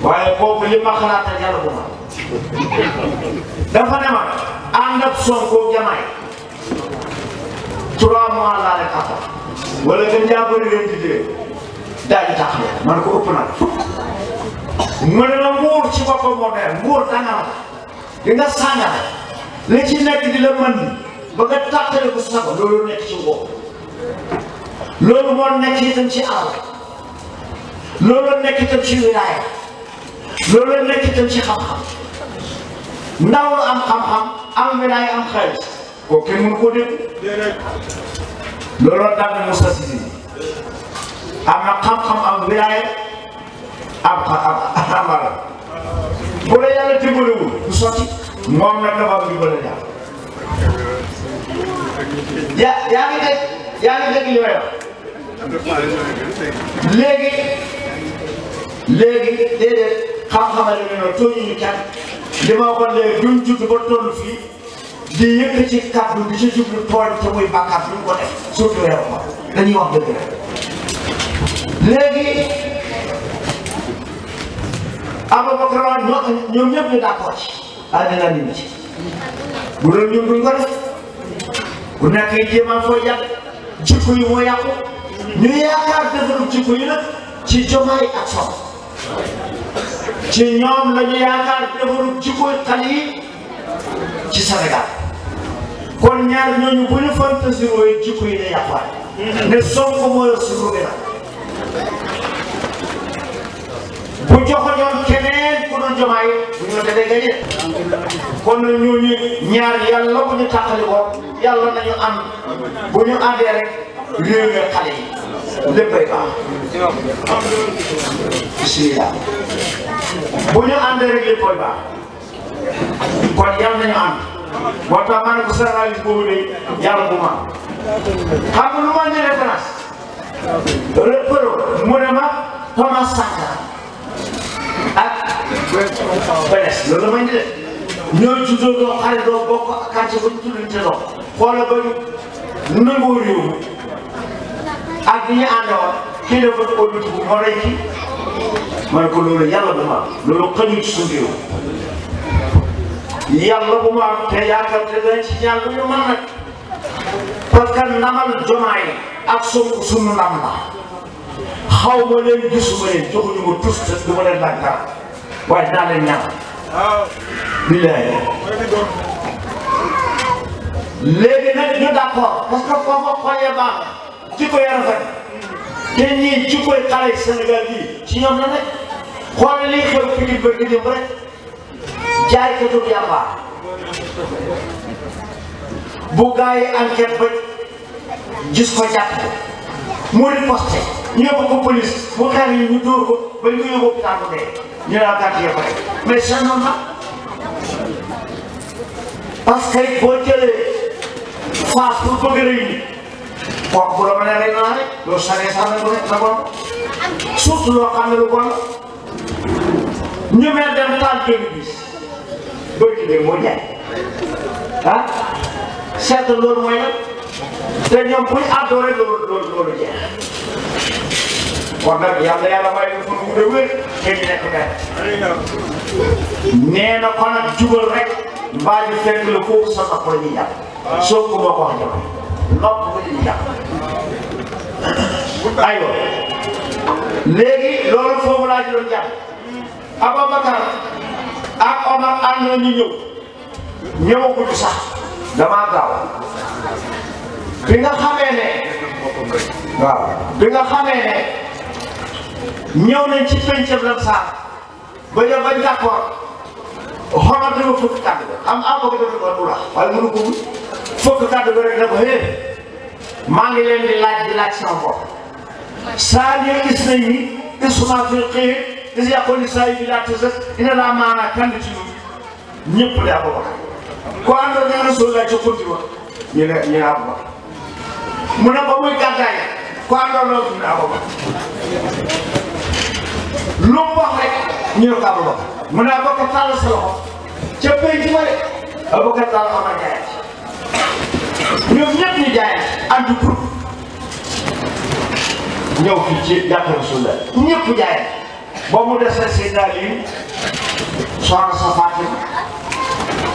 Speaker 1: waaye boobu li ma a jàll bu ma dafa ne ma ànd ak Sonko jamaay trois mois laa leen taxaw wala gën jaa bëri leen di dee daal di tax man ko ëpp na mu ne la nguur ci boppam moo neex nguur danaa di nga sàngal li ci nekk di la mën ba nga tàqale ko sago loolu nekk ci nguur loolu moo nekk itam ci àll loolu nekk itam ci wilaaya loolu nekk itam ci xam-xam ndaw am xam-xam am wilaaya am xaalis kooku kenn mënu koo dégg looloo dal Moussa Cissé am na xam am wilaaya ab ab xamal bu la yàlla dimbalewul du sotti moom nag dafa am dimbale yàlla. yaa yaa ngi dégg yaa ngi dégg li may wax léegi léegi déedéet xam-xam la ne noonu tooñu ñu kat li ma waxoon léegi duñ judd ba toll fii di yëkk ci kàddu bi ci jublu tooñ te muy bàkkaat duñ ko def surtout weeru ko dañuy wax dëgg rek léegi Aboubacar ñoom ñëpp ñu d'accord ci. àddina li ñu ci. bu doon ñun duñ ko def bu nekkee jéem a fooy yàq jikko yi moo yàqu yaakaar defaru jikko yi nag ci jomaay ak ci ñoom la ñu yaakaar defaru jikko xale yi ci Sénégal kon ñaar ñooñu bu ñu fantasi mooy jikko yi ne yàquwaat ne Sonko moo yor si bu joxoñoon keneen ku dul jomaay bu ñu la da gañe kon na ñooñu ñaar yàlla bu ñu tàqali ko yàlla nañu am bu ñu àndee rek réew nga xale yi léppay bu ñu àndee rek léppay baax kon yàlla nañu am moo tax ma ne ko service boobu bu ma xam ma ne référence le pro mu ne ma Thomas Sankara ak PNS loolu la may indil ñooy toujours doo xale doo bokk quartier ba ñu tudd te doo xoolal ba ñu nangoo réew ak li ñu àndoon kii dafa ko lutti bu moo lay kii ma ne ko loolu yàlla bu ma loolu xëñu ci suñu réew yàlla bu ma te yaakaar te dañ ci ñaan lu ñu mën nag parce que namal jomaay ak suñu suñu ndam la xaw ma leen gisuma leen joxuñu ma tus te du ma leen laaj dara waaye naa leen ñaan. billaay léegi nag ñu d'accord parce que foofa xoolee baax ci ko yar rafet te ñii ci koy xale Sénégal yi ci ñoom la nekk xoolal lii xew fi ñu bëgg dem rek jaay ko tur yàlla bu gaa yi enquête ba gis ko jàpp ko moo di posté ñu yóbbu ko police mu xeex yi ñu dóor ko ba ñu ko yóbbu hôpital mu dee ñu laa gàddee ko rek mais c'est normal parce que boo jëlee phase pour bëgg réuni kooku la mën a rey naa rek loolu saree sax na rek na bon surtout loo xam ne lu bon ñu dem taal benn bis bëgg de moo jaay ah? te ñoom bu ñu àndoo rek loolu loolu loolu jeex kon nag yàlla yàlla may ñu ko bu wér te ñu nekk benn nee na kon nag jubal rek mbaa ñu fekk la foofu sa bopp la ñuy jàpp soo ko moo ko wax jàpp la ñuy jàpp aywa léegi loolu foofu laa doon jàpp Ababacar ak Omar ànd na ñu ñëw ñëwagul sax damaa gaaw bi nga xamee ne. waaw bi nga xamee ne ñëw nañ ci pencam lam saar ba ñëw bañ d'accord xoolal dama fukki kàddu ga am am ko dafa doon wula waaye mënu ko wut fukki kàddu ga rek dafa xëy maa ngi leen di laaj di laaj sama bopp saa ñu gis nañ ni fi xëy is yàqoon ni saa yu bi laaj sa dina laa maanaa kànd ci ñun ñëpp daa ko wax ko ànd ak Rasulullah ci xunti wa ñu ne ñu mu ne ba muy gàddaay ko àndoon loolu suñu Abubakar lu mu wax rek ñu ne ko Abubakar mu ne Abubakar tàll sa loxo ca béy ci bare Abubakar tàll Omar jaay ñoom ñëpp ñu jaay ànd pour ñëw fii ci jàppal sulla ñëpp jaay ba mu dese Seydina Ali soxna sa Fatim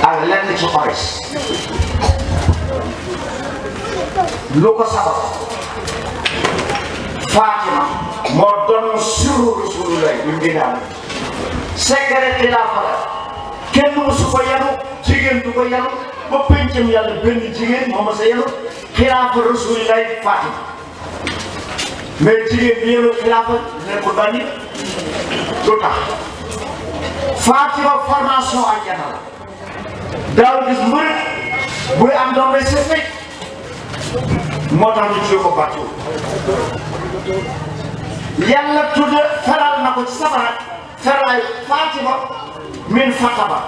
Speaker 1: ak lenn ci Xurays lu ko sabab Fatima moo doon suru Rasulullah bi mu gën a am secret xilaafa la kenn musu ko yanu jigéen du ko yanu ba pencam benn jigéen moo ma sa yanu xilaafa Rasulullah Fatima mais jigéen bi yenu xilaafa nekkul bànni du tax Fatima formation aljana la daaw gis mbir buy am doom day sëfee. moo tax ñu tuddee ko bàccu yàlla tudde na ko ci sabara feral Fatima min Fataba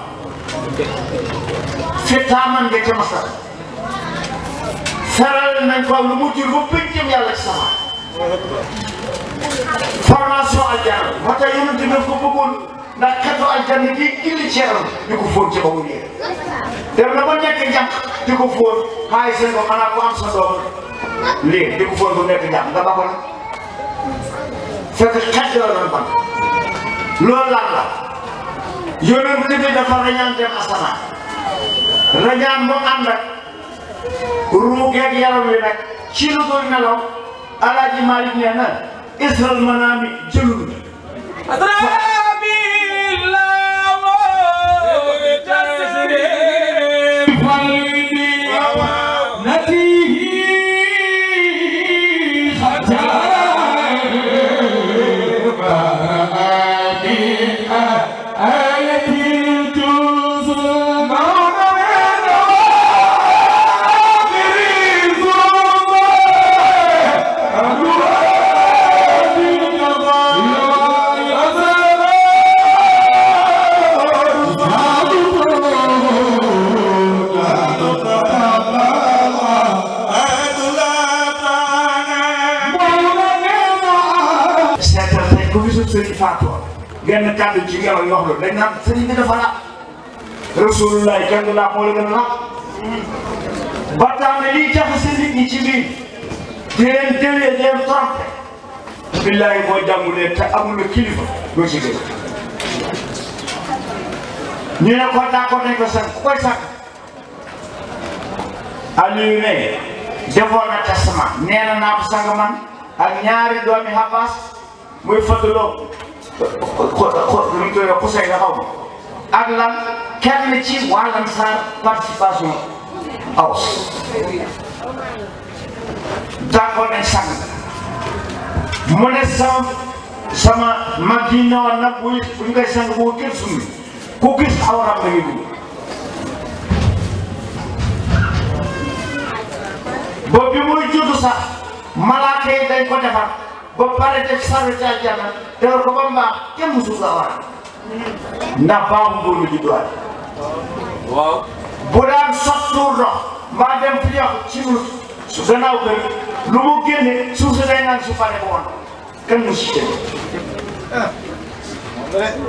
Speaker 1: fi taaman nga ca Masar feral nañ ko lu mu jur ba pëncëm yàlla ci sabara formation aljanna moo tax yéen a ko bëggoon ndax xeetu aljanna gi gilli ceeram di ko fóon ca ba mu ñëwee dem na ba nekk njànq di ko fóon xaayi seen ko ko am sa doom lii di ko fóon ba nekk njànq ba ko fekk xeet yoo la yonent bi dafa rañaan dem asamaan الله
Speaker 3: بتسريم قلبي
Speaker 1: ñaata ji nga xam ne kenn laa moo la gën a la ba tax na liy jaxase nit ñi ci biir di leen délee leen trompé billahi boo jàngulee te amul kilifa doo ci gën ñu ne ko d'accord nañ ko sax ku koy sax Aliou ne defoon na na naa ko sang man ak ñaari doomi Abbas muy fadloo xo nu ñu koy wax ma ak lan mu ne sama sama mag yi bu sax malaaka yi ko defar ba pare def sànni ca àjjana defar ko ba mbaax kenn musu ko war ndax baaxu góor gi doole. waaw bu daan sot tuur ndox mbaa dem fi ñuy wax ci su gannaaw kër lu mu génne suuf si day naan su pare ko woon kenn musu ci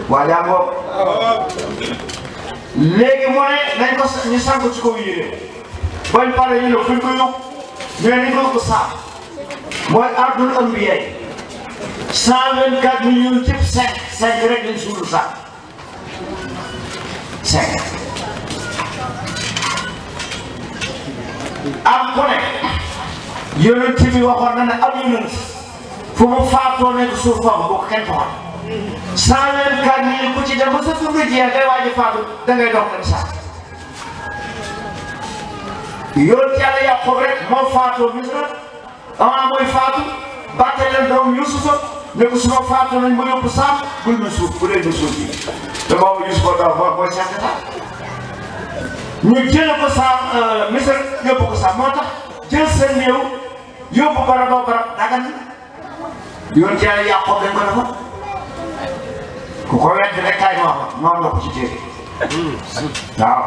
Speaker 1: waa jaa ngoog léegi mu ne nañ ko ñu sànq ci kaw yére bañ pare ñu ne fuñ ko yóbbu ñu ne ñu ko yóbbu saaf mooy ardul ambiyay 124 millions cëpp 5 5 rek lañ suul sax am ku ne yonent bi waxoon na am yonent fu mu faatoo nekk suuf foofu boo ko kenn toxal 124 millions ku ci dem ba sa tur bi jeex day waaj a faatu da ngay dox dem sax yonent yàlla yàqu rek moo faatoo misra amaa mooy faatu bàtte ne ko su ma faatu nañ ma yóbbu saam bul ma suuf bu dee ma suuf bi te boobu gis ko daaw boo booy sànq ñu jëlee ko saam euh, misal yóbbu ko saam moo tax jël seen néew yóbbu barab a barab dagan yoon ci yàlla yàqoo dañ ko defoon ku ko wedd rek kaay ma wax noonu la ko ci téere waaw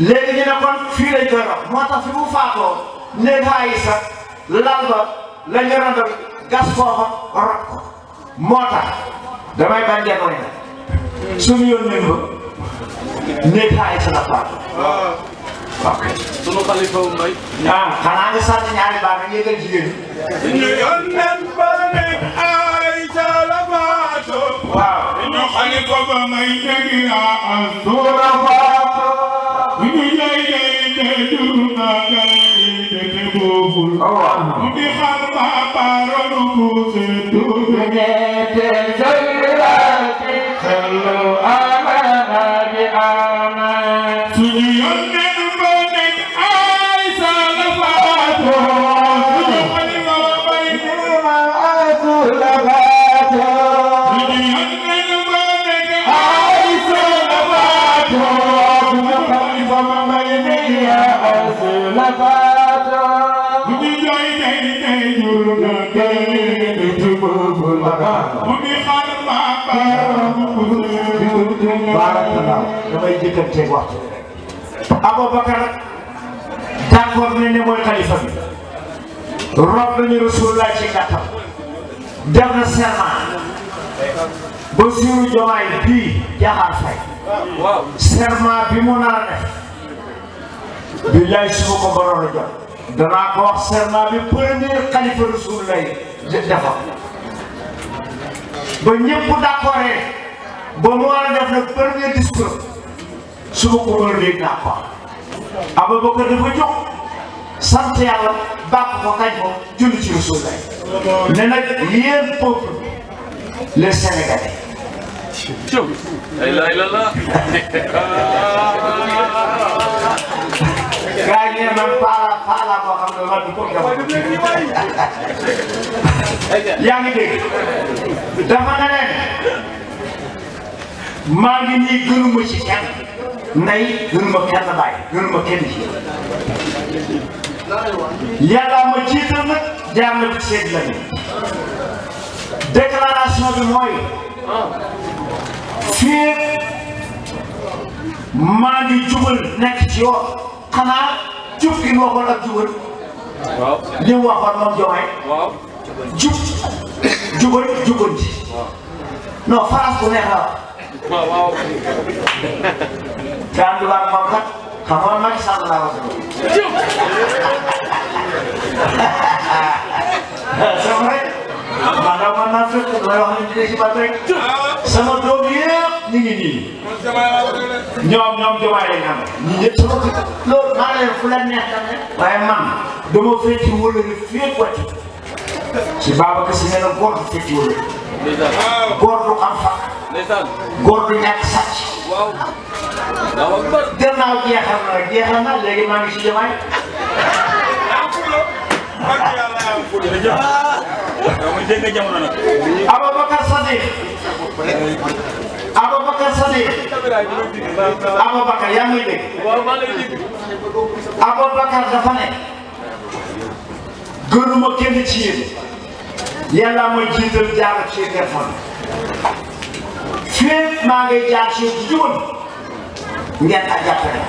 Speaker 1: léegi ñu ne kon fii lañ koy wax moo tax fi mu faatoo ne gaa yi sax lal ba la ñu gas koo ko rot ko moo tax damay bañ demoon na suñu yónnee ba néeg xaalis la faatu. ok sunu xalifa wu mbay. ah xanaa ñu sant ñaari baax na yëgal jigéen ñi. ñu
Speaker 3: yónneen ba néeg xaalis la faatu. waaw ñu xalifa ba may yëgi a am. suura faatu. Oh, wow.
Speaker 1: dikkanteeg waxtu
Speaker 3: Aboubacar
Speaker 1: d'accord nañ ne mooy xalifa bi rob nañu Rasulullah ci gàttal def na serment ba suuru jomaay bii jaxaar fay serment bi mu nar a def billaay su ma ko baroon a jot danaa ko wax serment bi premier xalifa Rasulullah defa ba ñëpp d'accord ba mu war a def nag premier discours su ma ko doon dégg naa ko Abubakar dafa jox sant yàlla ko kañ ko julli ci Rasulullah ne nag yéen peuple
Speaker 2: les Sénégalais.
Speaker 3: gaa yi ne
Speaker 1: man Paala Paala maa ngi nii gënuma ci kenn. ndey gënu ma kenn baay gënu ma kenn ji yàlla ma jiital nag jaar na ci seet la déclaration bi mooy fii maa ngi jubal jub gi ñu waxoon ak jubal waaw li mu waxoon moom Diomaye jub jubal jubanti non France bu neex la te ànduwaat moom kat xamoon Macky Sall laa wax sama rek maanaam man naa fekk damay wax ne ñu si bat rek sama doom yëpp ñu ngi nii ñoom ñoom jomaay lañ am ñi ñëpp sama kër loolu maa leen fu la neex tamit waaye man dama fecc wóolu fépp wàcc si Babacar si ne la góor fecc wóolu góor maa ngi si jamaay. Aboubacar Sadiq. Aboubacar Sadiq. Aboubacar yaa ngi dégg. Aboubacar dafa ne. gënuma kenn yàlla mooy jiital jaar ci téléphone fépp maa ngay jaar ci jubal ngeen a jàppale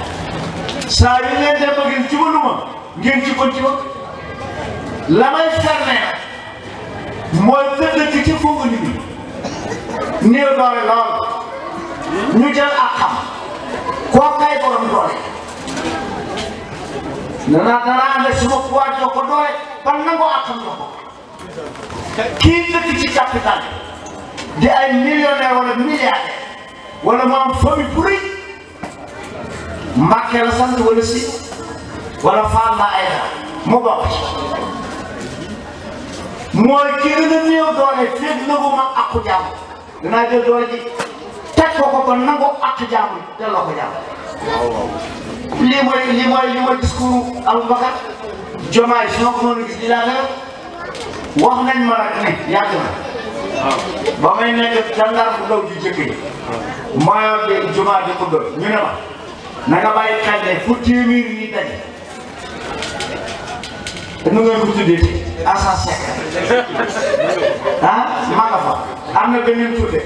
Speaker 1: saa yu leen dem ba ngeen jubaluma ngeen jubal ci ma la may ferndeel mooy tëddati ci foofu nit ñi néew doole lool ñu jël ak xam koo kay borom doole. nee naa danaa ànd si ma ko doole ba nangoo ak xam na ko. kii dëkk ci capital di ay millionnaire wala milliardaire wala mu am famille bu rëy Mbàkke sant wala si wala Fane ay mu bokk mooy ki gën a néew doole jaamu danaa jël doole ji teg ko ko ba nangu jaamu delloo mooy lii mooy lii mooy discours Aboubacar Diomaye su ma ko mënoon wax nañ ma nag ne yàgg na ba may nekk jàngar bu ndaw ji jëkk yi maa yor de jumaa di ko doon ñu ne ma na nga bàyyi xel ne fu téeméer yi daje nu ngeen ko tuddee assassin ah maa nga fa am na beneen tudde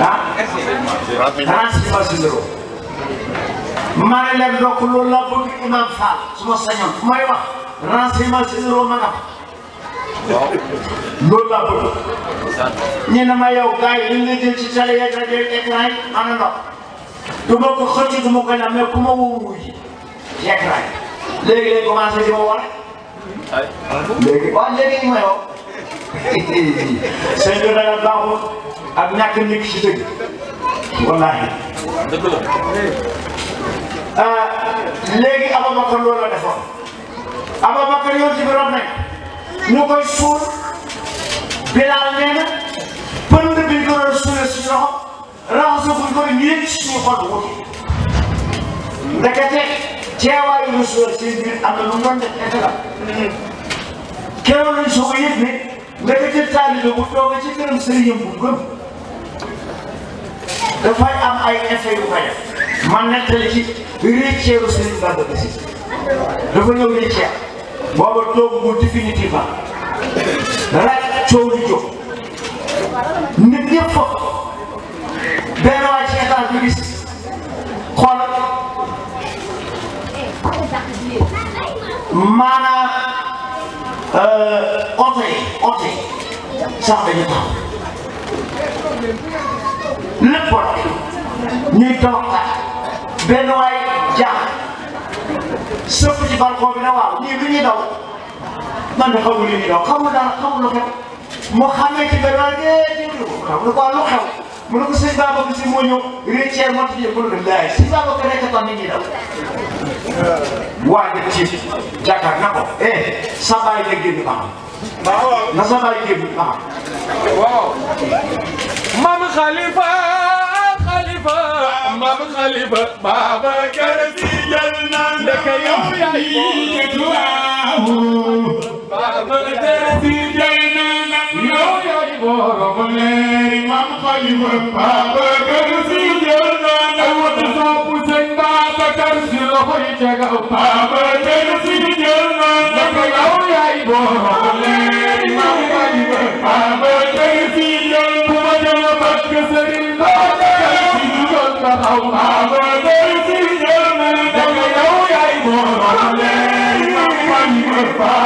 Speaker 1: ah ranciment zéro maa ngi leen donc loolu su ma sañoon fu may wax ranciment zéro ma waaw loolu laa bëgg. ñu ne ma yow gars yi ñu ci télé yeeg rajo yeeg écran yi ana ndox du ma ko xëcc du ma ko ñam mais ku ma woo wuy ji yeeg rajo léegi lay commencé di ma war. léegi waaw léegi ñu may woo. seen yoon rajo baaxul ak ñàkk nekk ci dëgg wallaahi. dëgg la. Euh, léegi Ababacar loolu la defoon Ababacar yoon ci biir nañ. ñu koy suul Bilaal nee na pënd bi ñu ko doon suulee suñu loxo raxasu fuñ ko ñu yëg ci suñu xol wuti ndekete teewaayu ñu suul seen biir am na lu mu doon def nekk la keroog lañ soo ko yëg ne ndekete taalibe bu am ay effet yu koy def man nettali ci récceeru sëriñ Bamba booba toogagul définitivement rek coow li jóg nit ñëpp benn waay ci état bi gis xool maanaam euh, oto yi oto yi sax dañu taxaw lépp benn waay jaaxal. sëpp ci balcon bi ne waaw ñii lu ñuy daw man de xamul li ñuy daw xamul dara xamul lu xew mu xamee ci benn wàll yéen ñu lu ko ah, lu xew mu ne ko sëñ Babacar Si moo ñëw rétière moo ci yëpp lu dul laaj sëñ Babacar nekk kon ni ñuy daw. waa jëm ci jàkkaar na ko eh sa baay la génn baax na sa baay génn baax
Speaker 3: waaw. Mam Khalifa Khalifa Mam Khalifa Babacar Si jël na ndeke yow yaay borom baba dersi jayna yow yaay borom leeri mam xalifa baba dersi jayna yow sopp sëñ Babacar Si loxoy jaga baba dersi jayna ndeke yow yaay borom leeri mam xalifa baba dersi jayna kuma jama bakk sëriñ Babacar Si loxoy jaga baba dersi ba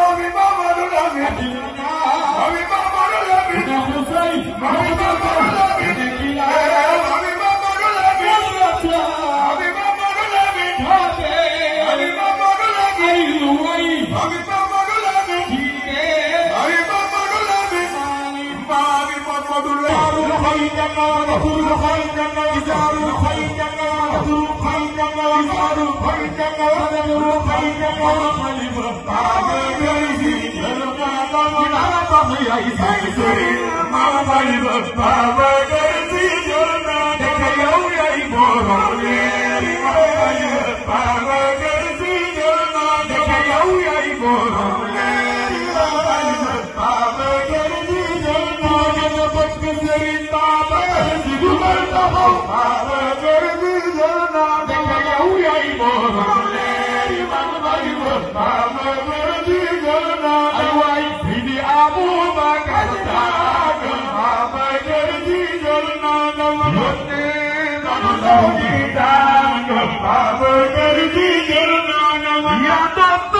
Speaker 3: Happy خير وكل خير إزار الخير وكل خير إزار الخير وذكر الخير وخلف
Speaker 2: على جيزي جلقى من عطف يسير ما
Speaker 3: خلف بابا جيزي جلقى تكيو يبور ما خلف بابا جيزي جلقى تكيو يبور sëriñ Baba di dugal taxaw Baba sëriñ jël naa dafa yow yaay moom leeri man bay ma Baba sëriñ jël naa ay waay fi di Abu Bakar taaga Baba sëriñ jël naa dama yónnee dama saw di taaga Baba sëriñ jël naa dama yaa